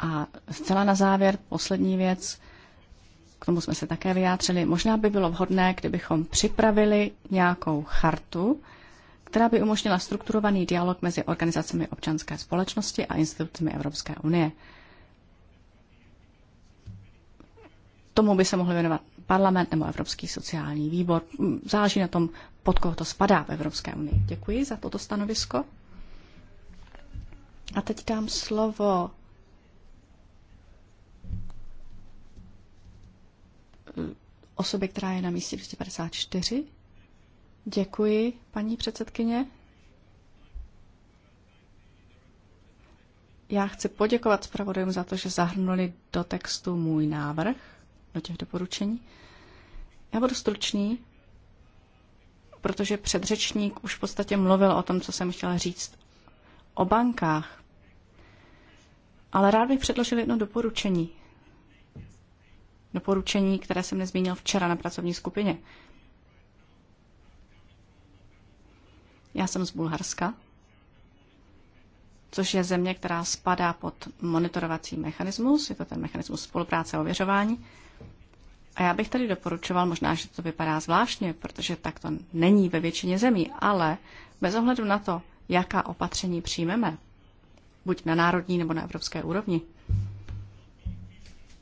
A zcela na závěr poslední věc, k tomu jsme se také vyjádřili, možná by bylo vhodné, kdybychom připravili nějakou chartu, která by umožnila strukturovaný dialog mezi organizacemi občanské společnosti a institucemi Evropské unie. Tomu by se mohli věnovat parlament nebo Evropský sociální výbor. Záleží na tom, pod koho to spadá v Evropské unii. Děkuji za toto stanovisko. A teď dám slovo osoby, která je na místě 254. Děkuji, paní předsedkyně. Já chci poděkovat zpravodajům za to, že zahrnuli do textu můj návrh, do těch doporučení. Já budu stručný, protože předřečník už v podstatě mluvil o tom, co jsem chtěla říct o bankách. Ale rád bych předložil jedno doporučení doporučení, které jsem nezmínil včera na pracovní skupině. Já jsem z Bulharska, což je země, která spadá pod monitorovací mechanismus, je to ten mechanismus spolupráce a ověřování. A já bych tady doporučoval, možná, že to vypadá zvláštně, protože tak to není ve většině zemí, ale bez ohledu na to, jaká opatření přijmeme, buď na národní nebo na evropské úrovni,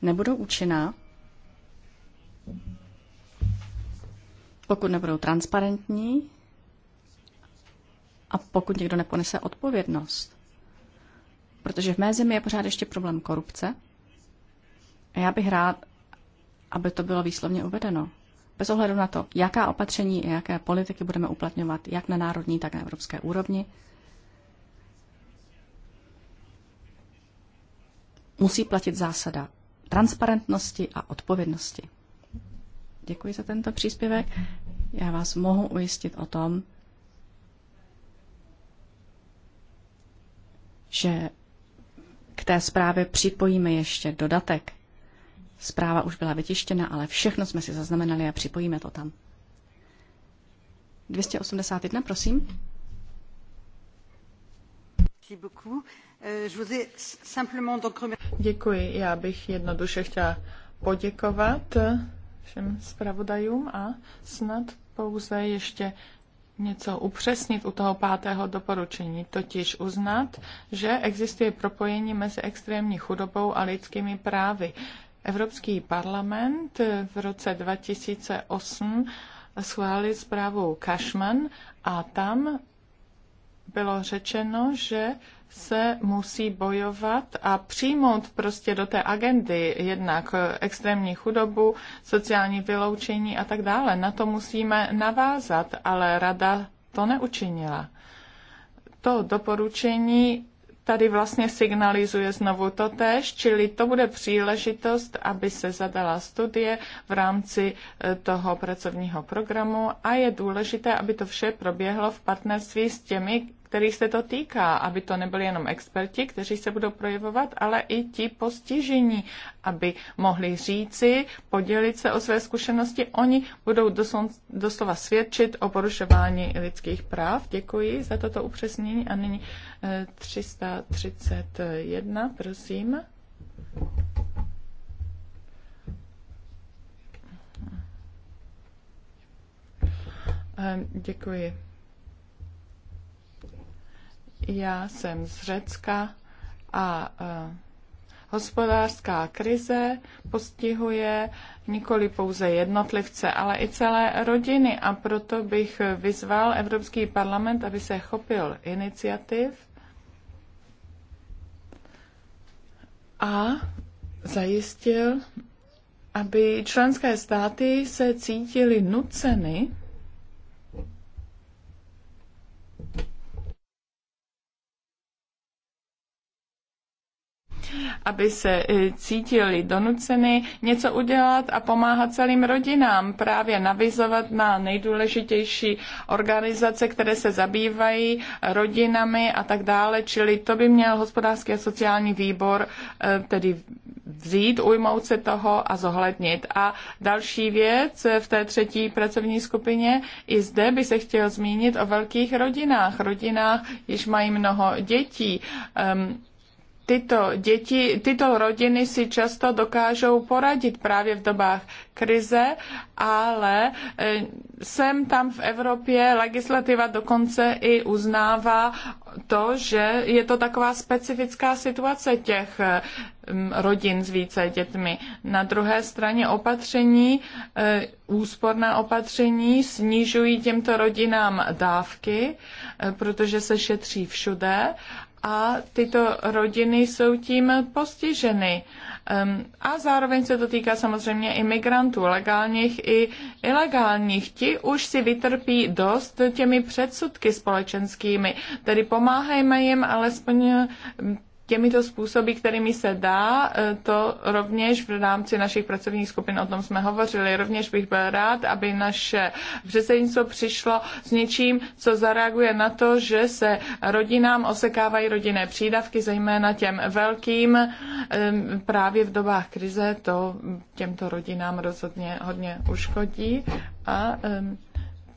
nebudou účinná, pokud nebudou transparentní a pokud někdo neponese odpovědnost. Protože v mé zemi je pořád ještě problém korupce a já bych rád, aby to bylo výslovně uvedeno. Bez ohledu na to, jaká opatření a jaké politiky budeme uplatňovat, jak na národní, tak na evropské úrovni, musí platit zásada transparentnosti a odpovědnosti. Děkuji za tento příspěvek. Já vás mohu ujistit o tom, že k té zprávě připojíme ještě dodatek. Zpráva už byla vytištěna, ale všechno jsme si zaznamenali a připojíme to tam. 281, prosím. Euh, Děkuji, já bych jednoduše chtěla poděkovat všem zpravodajům a snad pouze ještě něco upřesnit u toho pátého doporučení, totiž uznat, že existuje propojení mezi extrémní chudobou a lidskými právy. Evropský parlament v roce 2008 schválil zprávu Cashman a tam bylo řečeno, že se musí bojovat a přijmout prostě do té agendy jednak extrémní chudobu, sociální vyloučení a tak dále. Na to musíme navázat, ale rada to neučinila. To doporučení tady vlastně signalizuje znovu to tež, čili to bude příležitost, aby se zadala studie v rámci e, toho pracovního programu a je důležité, aby to vše proběhlo v partnerství s těmi, kterých se to týká, aby to nebyli jenom experti, kteří se budou projevovat, ale i ti postižení, aby mohli říci, podělit se o své zkušenosti. Oni budou doslova, doslova svědčit o porušování lidských práv. Děkuji za toto upřesnění. A nyní 331, eh, prosím. Eh, děkuji. Já jsem z Řecka a e, hospodářská krize postihuje nikoli pouze jednotlivce, ale i celé rodiny a proto bych vyzval Evropský parlament, aby se chopil iniciativ a zajistil, aby členské státy se cítily nuceny aby se e, cítili donuceni něco udělat a pomáhat celým rodinám, právě navizovat na nejdůležitější organizace, které se zabývají rodinami a tak dále, čili to by měl hospodářský a sociální výbor e, tedy vzít, ujmout se toho a zohlednit. A další věc v té třetí pracovní skupině, i zde by se chtěl zmínit o velkých rodinách. Rodinách, již mají mnoho dětí. Um, tyto děti, tyto rodiny si často dokážou poradit právě v dobách krize, ale e, sem tam v Evropě legislativa dokonce i uznává to, že je to taková specifická situace těch e, rodin s více dětmi. Na druhé straně opatření, e, úsporná opatření snižují těmto rodinám dávky, protože se šetří všude a tyto rodiny jsou tím postiženy. A zároveň se to týká samozřejmě imigrantů, legálních i ilegálních. Ti už si vytrpí dost těmi předsudky společenskými, tedy pomáhejme jim alespoň těmito způsoby, kterými se dá, e, to rovněž v rámci našich pracovních skupin o tom jsme hovořili, rovněž bych byl rád, aby naše předsednictvo přišlo s něčím, co zareaguje na to, že se rodinám osekávají rodinné přídavky, zejména těm velkým. E, právě v dobách krize to těmto rodinám rozhodně hodně uškodí. A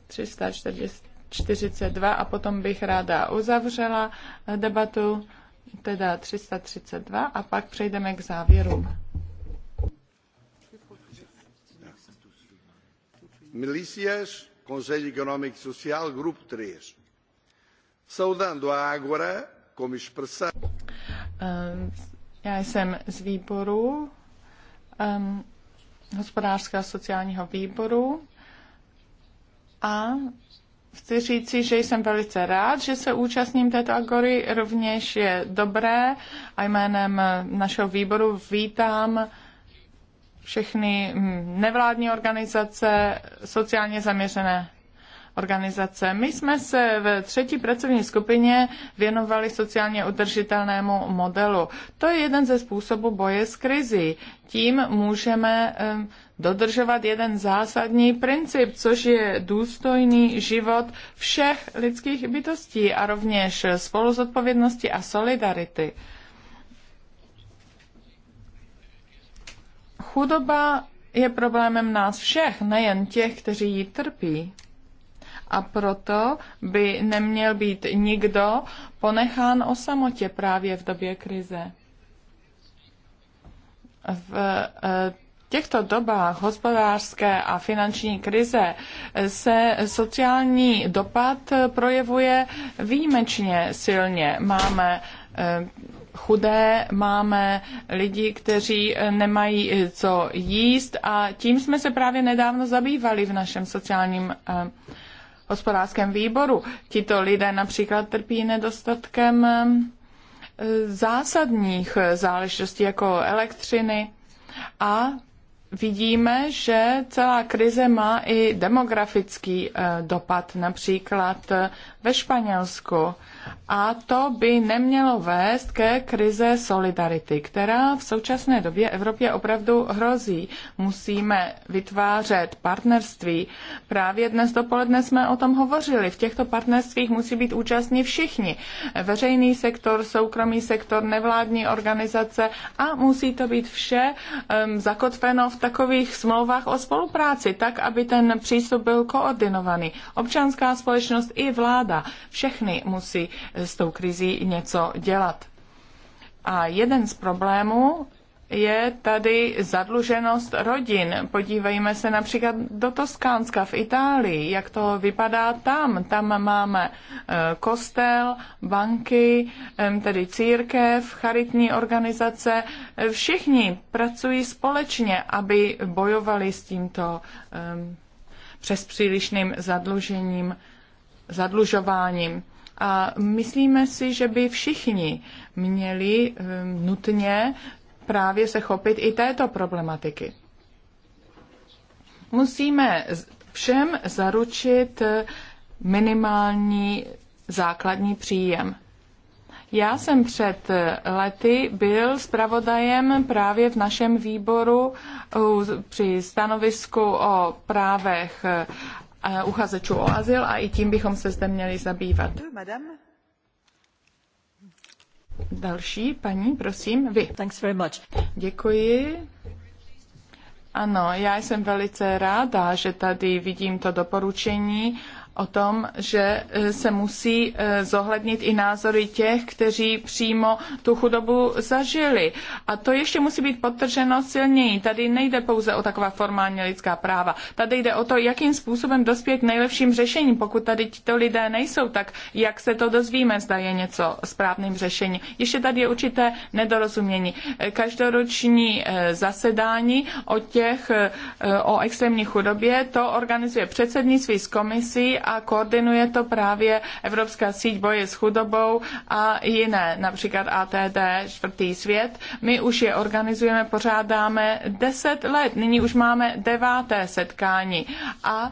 342 e, a potom bych ráda uzavřela debatu teda 332 a pak přejdeme k závěrům. Milícias, Conselho Económico e Social, Grupo 3. Saudando a Ágora como expressão. Eh, já jsem z výboru, um, hospodářského a sociálního výboru a chci říci, že jsem velice rád, že se účastním této agory. Rovněž je dobré a jménem našeho výboru vítám všechny hm, nevládní organizace, sociálně zaměřené organizace. My jsme se ve třetí pracovní skupině věnovali sociálně udržitelnému modelu. To je jeden ze způsobů boje s krizí. Tím můžeme hm, dodržovat jeden zásadní princip, což je důstojný život všech lidských bytostí a rovněž spoluzodpovědnosti a solidarity. Chudoba je problémem nás všech, nejen těch, kteří ji trpí. A proto by neměl být nikdo ponechán o samotě právě v době krize. V eh, těchto dobách hospodářské a finanční krize se sociální dopad projevuje výjimečně silně. Máme eh, chudé, máme lidi, kteří eh, nemají eh, co jíst a tím jsme se právě nedávno zabývali v našem sociálním hospodářském výboru. Tito lidé například trpí nedostatkem zásadních záležitostí jako elektřiny a vidíme, že celá krize má i demografický eh, dopad. Například eh, ve Španělsku a to by nemělo vést ke krize solidarity, která v současné době Evropě opravdu hrozí. Musíme vytvářet partnerství. Právě dnes dopoledne jsme o tom hovořili. V těchto partnerstvích musí být účastní všichni. Veřejný sektor, soukromý sektor, nevládní organizace a musí to být vše um, zakotveno v takových smlouvách o spolupráci, tak, aby ten přístup byl koordinovaný. Občanská společnost i vláda, všechny musí Eh, s tou krizí něco dělat. A jeden z problémů je tady zadluženost rodin. Podívejme se například do Toskánska v Itálii, jak to vypadá tam. Tam máme eh, kostel, banky, tedy církev, charitní organizace. Eh, všichni pracují společně, aby bojovali s tímto přes přílišným zadlužením, zadlužováním. A myslíme si, že by všichni měli ehm, nutně právě se chopit i této problematiky. Musíme všem zaručit eh, minimální základní příjem. Já jsem před eh, lety byl zpravodajem právě v našem výboru při stanovisku o právech eh, uchazečů o azyl a i tím bychom se zde měli zabývat. Další paní, prosím, vy. Thanks very much. Děkuji. Ano, já jsem velice ráda, že tady vidím to doporučení o tom, že eh, se musí eh, zohlednit i názory těch, kteří přímo tu chudobu zažili. A to ještě musí být podtrženo silněji. Tady nejde pouze o taková formálně lidská práva. Tady jde o to, jakým způsobem dospět k nejlepším řešením. Pokud tady tito lidé nejsou, tak jak se to dozvíme, zda je něco správným řešením. Ještě tady je určité nedorozumění. Eh, každoroční zasedání o těch, o extrémní chudobě, to organizuje předsednictví s komisí a a koordinuje to právě Evropská síť boje s chudobou a jiné, například ATD, čtvrtý svět. My už je organizujeme, pořádáme deset let, nyní už máme deváté setkání a e,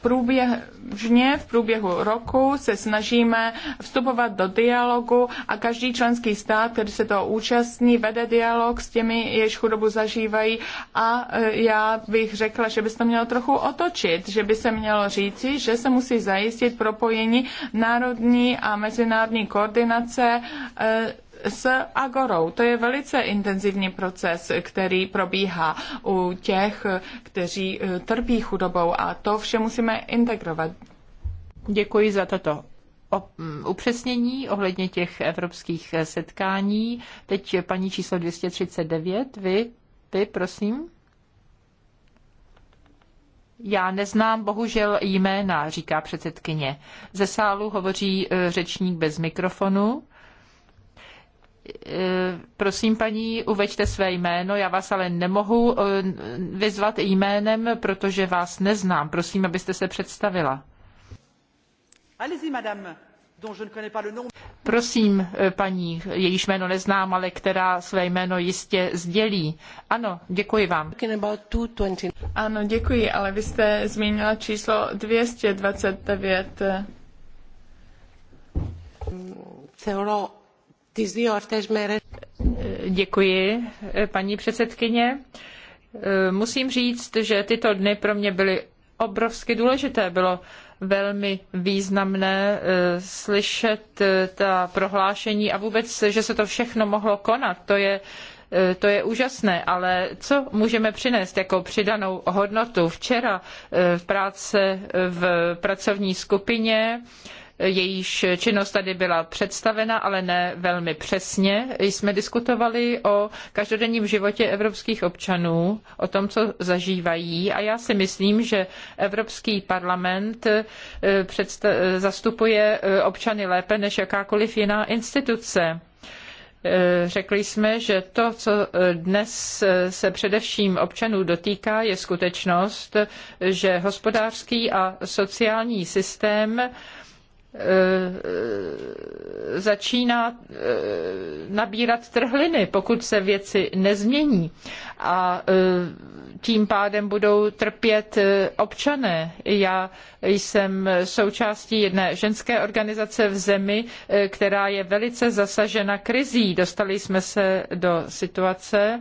průběžně v průběhu roku se snažíme vstupovat do dialogu a každý členský stát, který se toho účastní, vede dialog s těmi, jež chudobu zažívají a e, já bych řekla, že by se to mělo trochu otočit, že by se mělo říci, že se musí zajistit propojení národní a mezinárodní koordinace eh, s Agorou. To je velice intenzivní proces, který probíhá u těch, kteří eh, trpí chudobou a to vše musíme integrovat. Děkuji za toto upřesnění ohledně těch evropských eh, setkání. Teď paní číslo 239, vy, vy prosím. Já neznám bohužel jména, říká předsedkyně. Ze sálu hovoří e, řečník bez mikrofonu. E, prosím, paní, uveďte své jméno, já vás ale nemohu e, vyzvat jménem, protože vás neznám. Prosím, abyste se představila. Allez-y, madame. Prosím, eh, paní, jejíž jméno neznám, ale která své jméno jistě sdělí. Ano, děkuji vám. Ano, děkuji, ale vy jste zmínila číslo 229. Θεωρώ τις δύο αυτές Děkuji, eh, paní předsedkyně. Eh, musím říct, že tyto dny pro mě byly obrovsky důležité. Bylo velmi významné e, slyšet e, ta prohlášení a vůbec, že se to všechno mohlo konat. To je e, to je úžasné, ale co můžeme přinést jako přidanou hodnotu? Včera v práce v pracovní skupině jejíž činnost tady byla představena, ale ne velmi přesně. Jsme diskutovali o každodenním životě evropských občanů, o tom, co zažívají a já si myslím, že Evropský parlament eh, zastupuje eh, občany lépe než jakákoliv jiná instituce. Eh, řekli jsme, že to, co dnes se především občanů dotýká, je skutečnost, že hospodářský a sociální systém Eh, začíná eh, nabírat trhliny, pokud se věci nezmění. A eh, tím pádem budou trpět občané. Já jsem součástí jedné ženské organizace v zemi, která je velice zasažena krizí. Dostali jsme se do situace,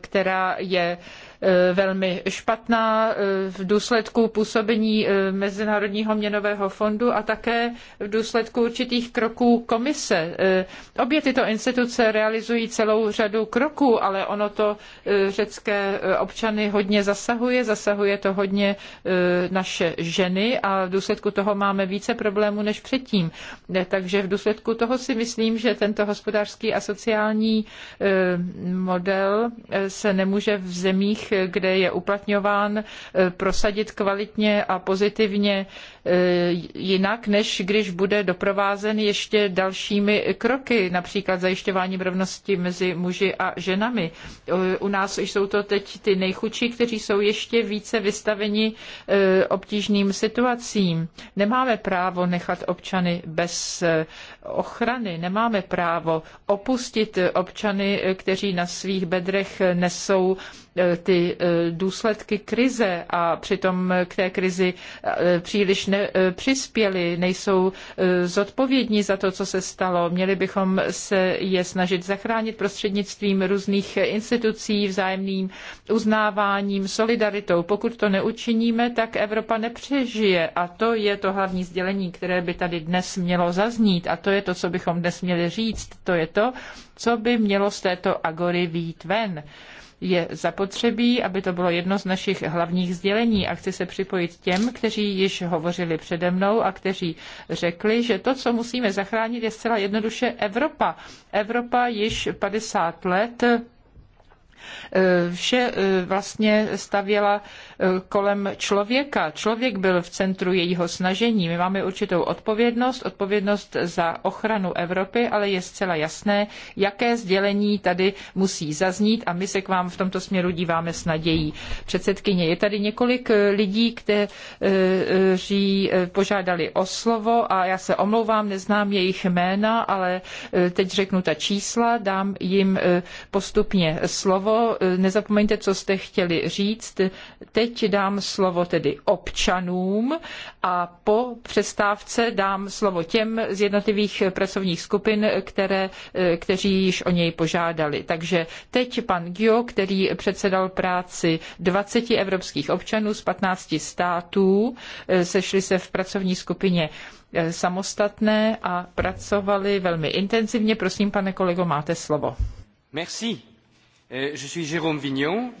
která je Eh, velmi špatná eh, v důsledku působení eh, Mezinárodního měnového fondu a také v důsledku určitých kroků komise. Obě tyto instituce realizují celou řadu kroků, ale ono to řecké občany hodně zasahuje, zasahuje to hodně naše ženy a v důsledku toho máme více problémů než předtím. Takže v důsledku toho si myslím, že tento hospodářský a sociální model se nemůže v zemích kde je uplatňován, eh, prosadit kvalitně a pozitivně eh, jinak, než když bude doprovázen ještě dalšími kroky, například zajišťováním rovnosti mezi muži a ženami. Eh, u nás jsou to teď ty nejchudší, kteří jsou ještě více vystaveni obtížným situacím. Nemáme právo nechat občany bez ochrany, nemáme právo opustit občany, kteří na svých bedrech nesou eh, ty eh, důsledky krize a přitom k té krizi eh, příliš nepřispěli, nejsou zodpovědní za to, co se stalo. Měli bychom se je snažit zachránit prostřednictvím různých institucí, vzájemným uznáváním, solidaritou. Pokud to neučiníme, tak Evropa nepřežije a to je to hlavní sdělení, které by tady dnes mělo zaznít a to to je to, co bychom dnes měli říct, to je to, co by mělo z této agory výjít ven je zapotřebí, aby to bylo jedno z našich hlavních sdělení a chci se připojit těm, kteří již hovořili přede mnou a kteří řekli, že to, co musíme zachránit, je zcela jednoduše Evropa. Evropa již 50 let Eh, vše eh, vlastně stavěla eh, kolem člověka. Člověk byl v centru jejího snažení. My máme určitou odpovědnost, odpovědnost za ochranu Evropy, ale je zcela jasné, jaké sdělení tady musí zaznít a my se k vám v tomto směru díváme s nadějí. Předsedkyně, je tady několik lidí, kteří požádali o slovo a já se omlouvám, neznám jejich jména, ale teď řeknu ta čísla, dám jim postupně slovo slovo. Eh, nezapomeňte, co jste chtěli říct. Teď dám slovo tedy občanům a po přestávce dám slovo těm z jednotlivých pracovních skupin, které, eh, kteří již o něj požádali. Takže teď pan Gio, který předsedal práci 20 evropských občanů z 15 států, eh, sešli se v pracovní skupině samostatné a pracovali velmi intenzivně. Prosím, pane kolego, máte slovo. Merci. Euh, jsem Jérôme Vignon,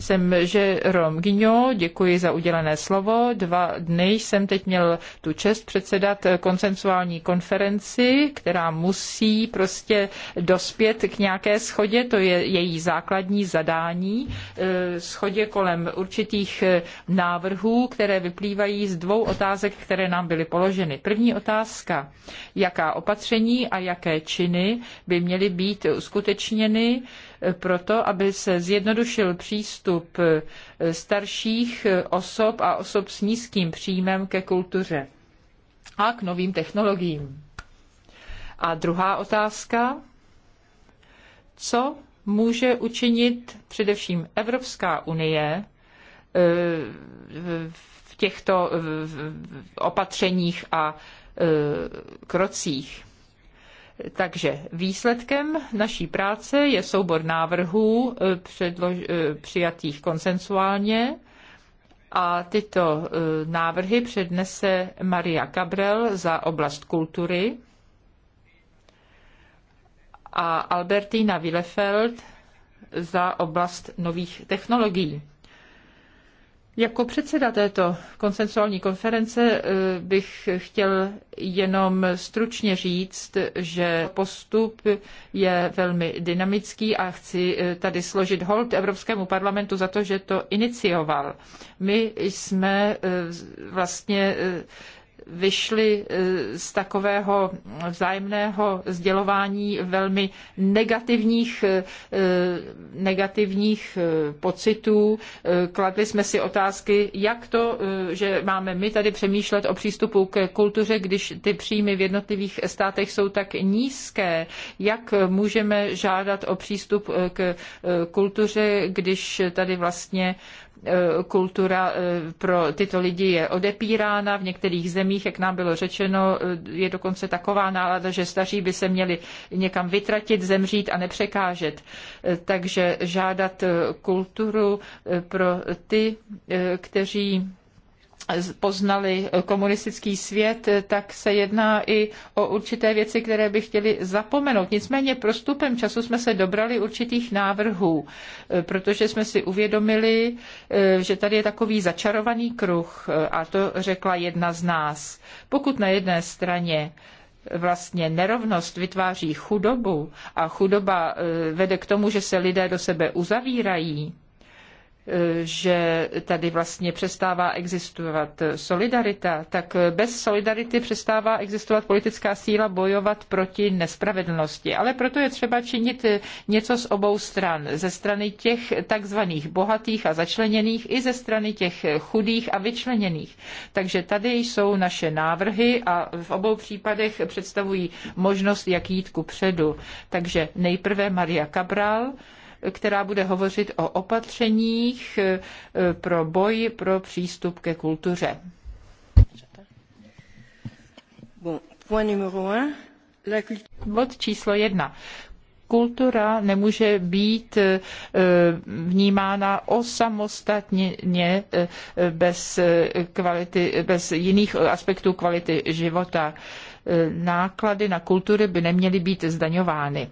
Jsem Jérôme Guignon, děkuji za udělené slovo. Dva dny jsem teď měl tu čest předsedat konsensuální konferenci, která musí prostě dospět k nějaké schodě, to je její základní zadání, eh, schodě kolem určitých eh, návrhů, které vyplývají z dvou otázek, které nám byly položeny. První otázka, jaká opatření a jaké činy by měly být uskutečněny, proto, aby se zjednodušil přístup eh, starších eh, osob a osob s nízkým příjmem ke kultuře a k novým technologiím. A druhá otázka, co může učinit především Evropská unie eh, v těchto opatřeních a krocích. Takže výsledkem naší práce je soubor návrhů eh, předlož, eh, přijatých konsensuálně a tyto eh, návrhy přednese Maria Cabrel za oblast kultury a Albertina Willefeld za oblast nových technologií. Jako předseda této konsensuální konference eh, bych chtěl jenom stručně říct, že postup je velmi dynamický a chci eh, tady složit hold Evropskému parlamentu za to, že to inicioval. My jsme eh, vlastně vyšli eh, z takového vzájemného sdělování velmi negativních, eh, negativních eh, pocitů. Kladli jsme si otázky, jak to, že máme my tady přemýšlet o přístupu k kultuře, když ty příjmy v jednotlivých státech jsou tak nízké, jak můžeme žádat o přístup k kultuře, když tady vlastně Eh, kultura eh, pro tyto lidi je odepírána. V některých zemích, jak nám bylo řečeno, eh, je dokonce taková nálada, že staří by se měli někam vytratit, zemřít a nepřekážet. Takže žádat kulturu pro ty, kteří poznali komunistický svět, tak se jedná i o určité věci, které by chtěli zapomenout. Nicméně prostupem času jsme se dobrali určitých návrhů, protože jsme si uvědomili, že tady je takový začarovaný kruh a to řekla jedna z nás. Pokud na jedné straně vlastně nerovnost vytváří chudobu a chudoba eh, vede k tomu, že se lidé do sebe uzavírají, že tady vlastně přestává existovat solidarita, tak bez solidarity přestává existovat politická síla bojovat proti nespravedlnosti. Ale proto je třeba činit něco z obou stran. Ze strany těch takzvaných bohatých a začleněných i ze strany těch chudých a vyčleněných. Takže tady jsou naše návrhy a v obou případech představují možnost, jak jít ku předu. Takže nejprve Maria Cabral, která bude hovořit o opatřeních eh, pro boj pro přístup ke kultuře. Bod číslo jedna kultura nemůže být eh, vnímána osamostatně eh, bez, kvality, bez jiných aspektů kvality života. Náklady na kultury by neměly být zdaňovány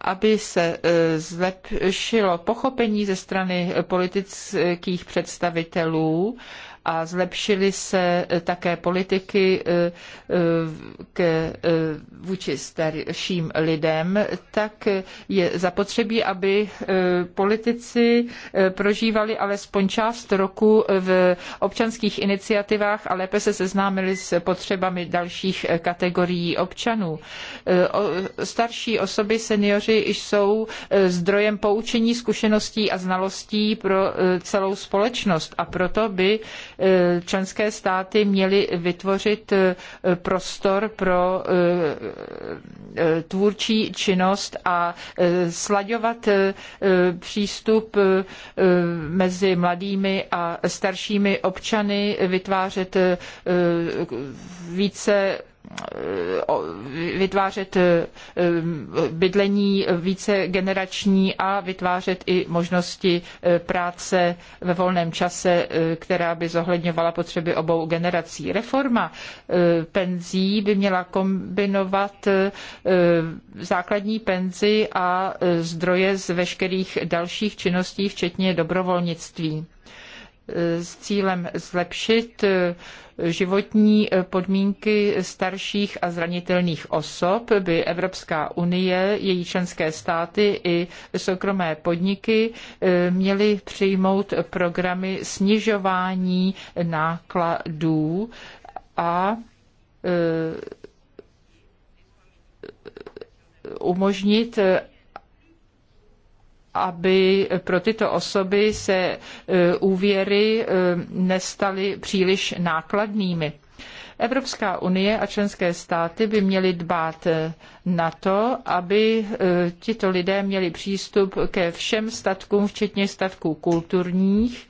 aby se e, zlepšilo pochopení ze strany politických představitelů a zlepšily se eh, také politiky eh, eh, k, vůči starším lidem, tak je zapotřebí, aby politici prožívali alespoň část roku v občanských iniciativách a lépe se seznámili s potřebami dalších kategorií občanů. Starší osoby, seniori, jsou zdrojem poučení, zkušeností a znalostí pro celou společnost a proto by Eh, členské státy měly vytvořit eh, prostor pro eh, tvůrčí činnost a slaďovat přístup mezi mladými a staršími občany, vytvářet více vytvářet e, bydlení více generační a vytvářet i možnosti e, práce ve volném čase, e, která by zohledňovala potřeby obou generací. Reforma penzí by měla kombinovat základní penzi a zdroje z veškerých dalších činností, včetně dobrovolnictví s cílem zlepšit e, životní e, podmínky starších a zranitelných osob by Evropská unie, její členské státy i soukromé podniky e, měly přijmout programy snižování nákladů a umožnit, aby pro tyto osoby se e, úvěry e, nestaly příliš nákladnými. Evropská unie a členské státy by měly dbát e, na to, aby tito lidé měli přístup ke všem statkům, včetně statků kulturních,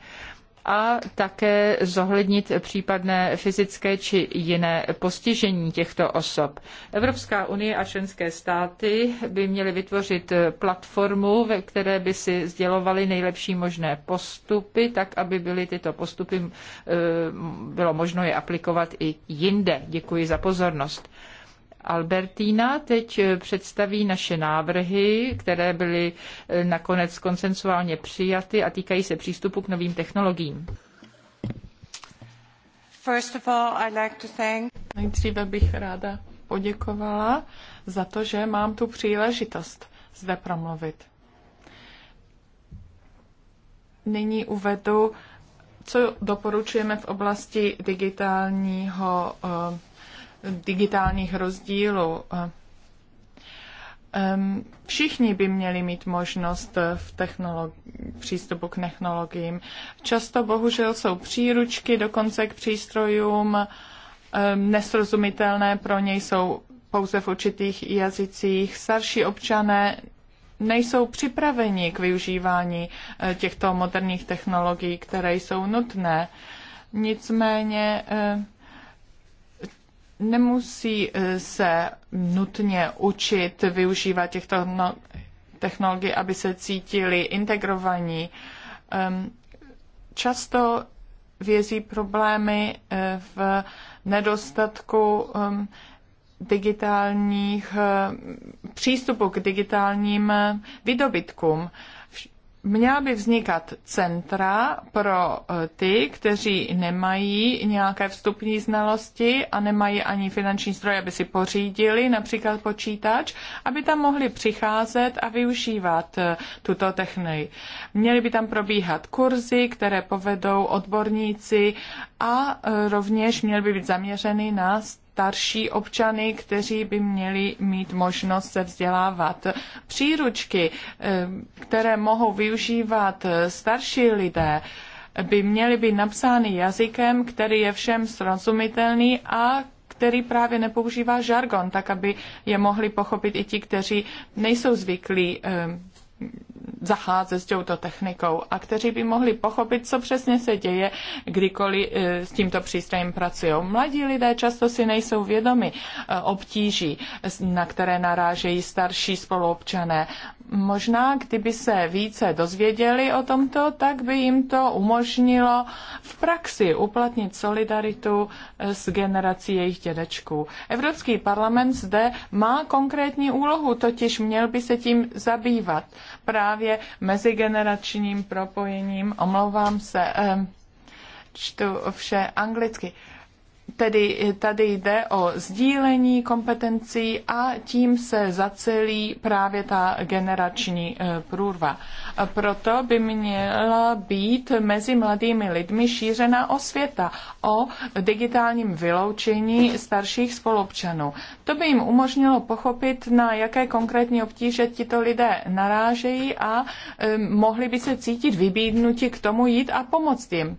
a také zohlednit případné fyzické či jiné postižení těchto osob. Evropská unie a členské státy by měly vytvořit platformu, ve které by si sdělovaly nejlepší možné postupy, tak aby byly tyto postupy, eh, bylo možno je aplikovat i jinde. Děkuji za pozornost. Albertína teď eh, představí naše návrhy, které byly eh, nakonec konsensuálně přijaty a týkají se přístupu k novým technologiím. Nejdříve bych ráda poděkovala za to, že mám tu příležitost zde promluvit. Nyní uvedu, co doporučujeme v oblasti digitálního uh, digitálních rozdílů. Ehm, všichni by měli mít možnost v přístupu k technologiím. Často bohužel jsou příručky dokonce k přístrojům ehm, nesrozumitelné, pro něj jsou pouze v určitých jazycích. Starší občané nejsou připraveni k využívání eh, těchto moderních technologií, které jsou nutné. Nicméně eh, nemusí eh, se nutně učit využívat těchto no, technologií, aby se cítili integrovaní. Často vězí problémy eh, v nedostatku digitálních eh, přístupu k digitálním vydobytkům. Měla by vznikat centra pro eh, ty, kteří nemají nějaké vstupní znalosti a nemají ani finanční stroje, aby si pořídili například počítač, aby tam mohli přicházet a využívat eh, tuto techniku. Měly by tam probíhat kurzy, které povedou odborníci a eh, rovněž měly by být zaměřeny na starší občany, kteří by měli mít možnost se vzdělávat. Příručky, eh, které mohou využívat starší lidé, by měly být napsány jazykem, který je všem srozumitelný a který právě nepoužívá žargon, tak aby je mohli pochopit i ti, kteří nejsou zvyklí eh, zacházet s touto technikou a kteří by mohli pochopit, co přesně se děje, kdykoliv e, s tímto přístrojem pracují. Mladí lidé často si nejsou vědomi e, obtíží, na které narážejí starší spoluobčané Možná, kdyby se více dozvěděli o tomto, tak by jim to umožnilo v praxi uplatnit solidaritu eh, s generací jejich dědečků. Evropský parlament zde má konkrétní úlohu, totiž měl by se tím zabývat právě mezigeneračním propojením. Omlouvám se, eh, čtu vše anglicky. Tedy tady jde o sdílení kompetencí a tím se zacelí právě ta generační eh, průrva. Proto by měla být mezi mladými lidmi šířena osvěta o digitálním vyloučení starších spolupčanů. To by jim umožnilo pochopit, na jaké konkrétní obtíže tito lidé narážejí a eh, mohli by se cítit vybídnuti k tomu jít a pomoct jim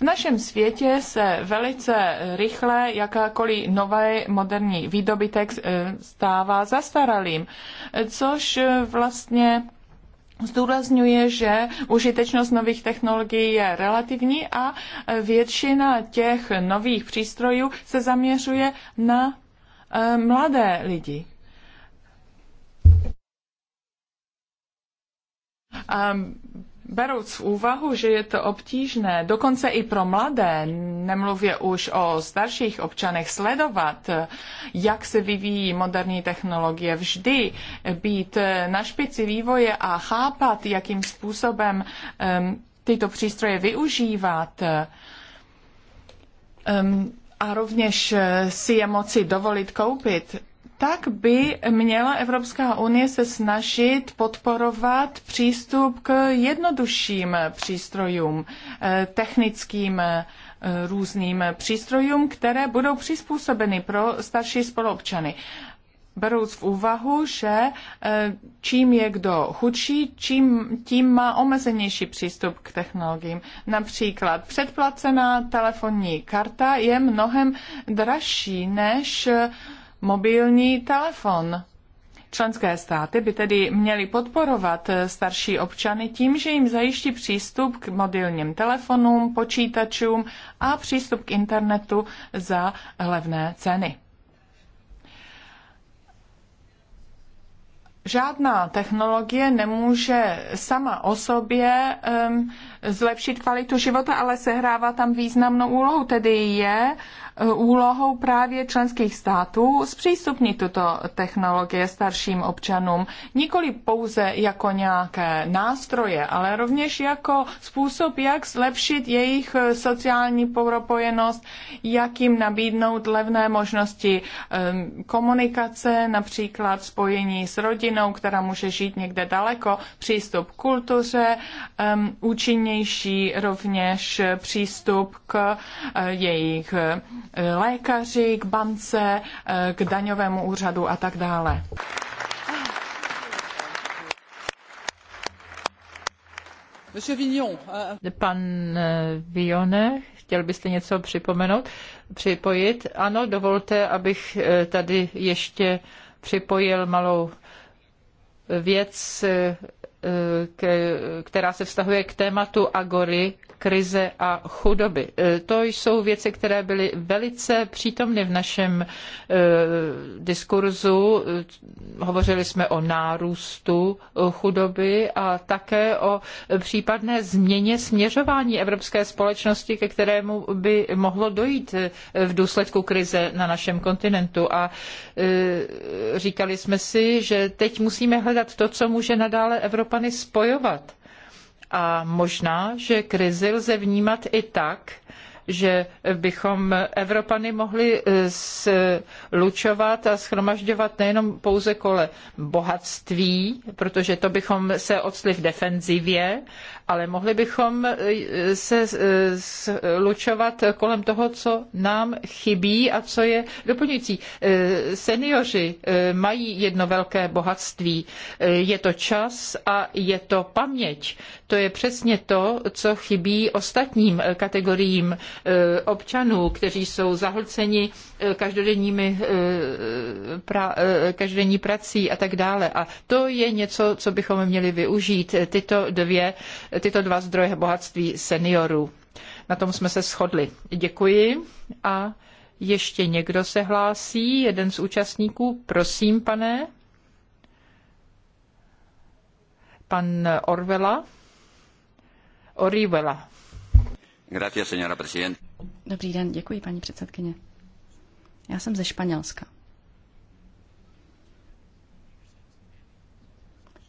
v našem světě se velice rychle jakákoliv nové moderní výdobytek eh, stává zastaralým, což eh, vlastně Zdůrazňuje, že užitečnost nových technologií je relativní a eh, většina těch nových přístrojů se zaměřuje na mladé lidi. A berouc v úvahu, že je to obtížné, dokonce i pro mladé, nemluvě už o starších občanech, sledovat, jak se vyvíjí moderní technologie, vždy být na špici vývoje a chápat, jakým způsobem um, tyto přístroje využívat. Um, a rovněž si je moci dovolit koupit, tak by měla Evropská unie se snažit podporovat přístup k jednodušším přístrojům, eh, technickým eh, různým přístrojům, které budou přizpůsobeny pro starší spoluobčany. Beruc v úvahu, že eh, čím je kdo chudší, čím, tím má omezenější přístup k technologiím. Například předplacená telefonní karta je mnohem dražší než mobilní telefon. Členské státy by tedy měly podporovat starší občany tím, že jim zajiští přístup k mobilním telefonům, počítačům a přístup k internetu za levné ceny. Žádná technologie nemůže sama o sobě um, zlepšit kvalitu života, ale sehrává tam významnou úlohu, tedy je úlohou právě členských států zpřístupnit tuto technologie starším občanům nikoli pouze jako nějaké nástroje, ale rovněž jako způsob, jak zlepšit jejich sociální propojenost, jak jim nabídnout levné možnosti komunikace, například spojení s rodinou, která může žít někde daleko, přístup k kultuře, účinnější rovněž přístup k eh, jejich lékaři, k bance, eh, k daňovému úřadu a tak dále. Eh, Pan eh, Vione, chtěl byste něco připomenout, připojit? Ano, dovolte, abych tady ještě připojil malou věc, která se vztahuje k tématu Agory, krize a chudoby. E, to jsou věci, které byly velice přítomny v našem e, diskurzu. E, hovořili jsme o nárůstu chudoby a také o případné změně směřování evropské společnosti, ke kterému by mohlo dojít v důsledku krize na našem kontinentu. A říkali jsme si, že teď musíme hledat to, co může nadále Evropany spojovat a možná, že krizi lze vnímat i tak, že bychom Evropany mohli eh, slučovat a schromažďovat nejenom pouze kole bohatství, protože to bychom se odstli v defenzivě, ale mohli bychom eh, se eh, slučovat kolem toho, co nám chybí a co je doplňující. Seniori mají jedno velké bohatství. Je to čas a je to paměť. To je přesně to, co chybí ostatním eh, kategoriím eh, občanů, kteří jsou zahlceni eh, každodenními pra, každodenní prací a tak dále. A to je něco, co bychom měli využít, tyto, dvě, tyto dva zdroje bohatství seniorů. Na tom jsme se shodli. Děkuji a ještě někdo se hlásí, jeden z účastníků. Prosím, pane. Pan Orvela. Dobrý den, děkuji, paní předsedkyně. Já jsem ze Španělska.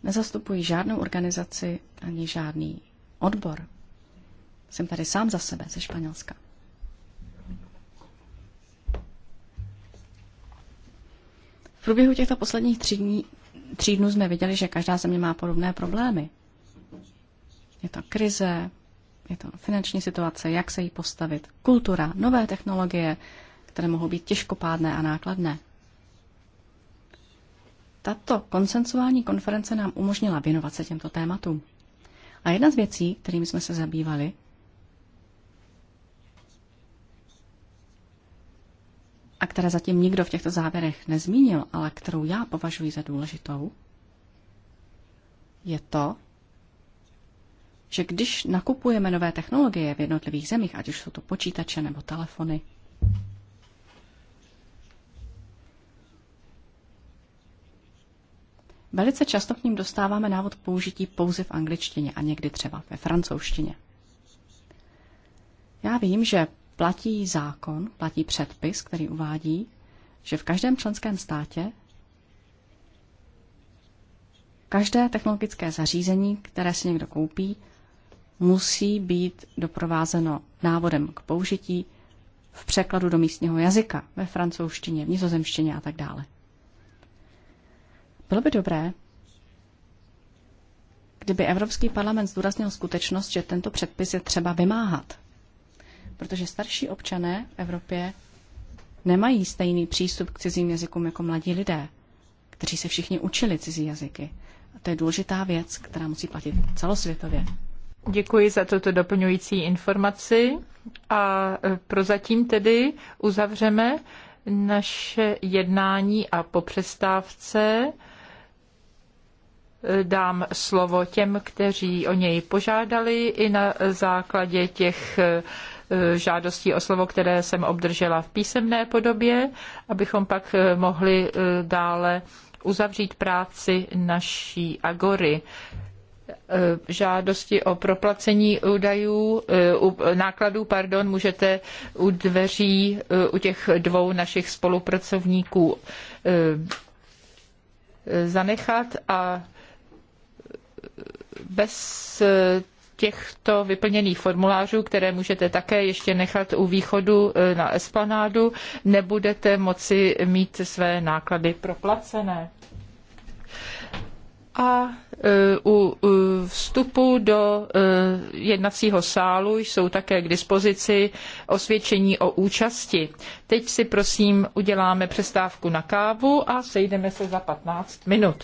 Nezastupuji žádnou organizaci ani žádný odbor. Jsem tady sám za sebe ze Španělska. V průběhu těchto posledních tří dní, tří dnů jsme viděli, že každá země má podobné problémy. Je to krize, je to finanční situace, jak se jí postavit, kultura, nové technologie, které mohou být těžkopádné a nákladné. Tato koncensuální konference nám umožnila věnovat se těmto tématům. A jedna z věcí, kterými jsme se zabývali, a které zatím nikdo v těchto závěrech nezmínil, ale kterou já považuji za důležitou, je to, že když nakupujeme nové technologie v jednotlivých zemích, ať už jsou to počítače nebo telefony, Velice často k ním dostáváme návod použití pouze v angličtině a někdy třeba ve francouzštině. Já vím, že platí zákon, platí předpis, který uvádí, že v každém členském státě každé technologické zařízení, které si někdo koupí, musí být doprovázeno návodem k použití v překladu do místního jazyka, ve francouzštině, v nizozemštině a tak dále. Bylo by dobré, kdyby Evropský parlament zdůraznil skutečnost, že tento předpis je třeba vymáhat. Protože starší občané v Evropě nemají stejný přístup k cizím jazykům jako mladí lidé, kteří se všichni učili cizí jazyky. A to je důležitá věc, která musí platit celosvětově. Děkuji za toto doplňující informaci a e, prozatím tedy uzavřeme naše jednání a po přestávce e, dám slovo těm, kteří o něj požádali i na základě těch e, žádostí o slovo, které jsem obdržela v písemné podobě, abychom pak mohli dále uzavřít práci naší agory. Eh, žádosti o proplacení údajů, eh, nákladů, pardon, můžete u dveří eh, u těch dvou našich spolupracovníků zanechat a bez těchto vyplněných formulářů, které můžete také ještě nechat u východu na esplanádu, nebudete moci mít své náklady proplacené. A Eh, u vstupu do eh, jednacího sálu jsou také k dispozici osvědčení o účasti. Teď si prosím uděláme přestávku na kávu a sejdeme se za 15 minut.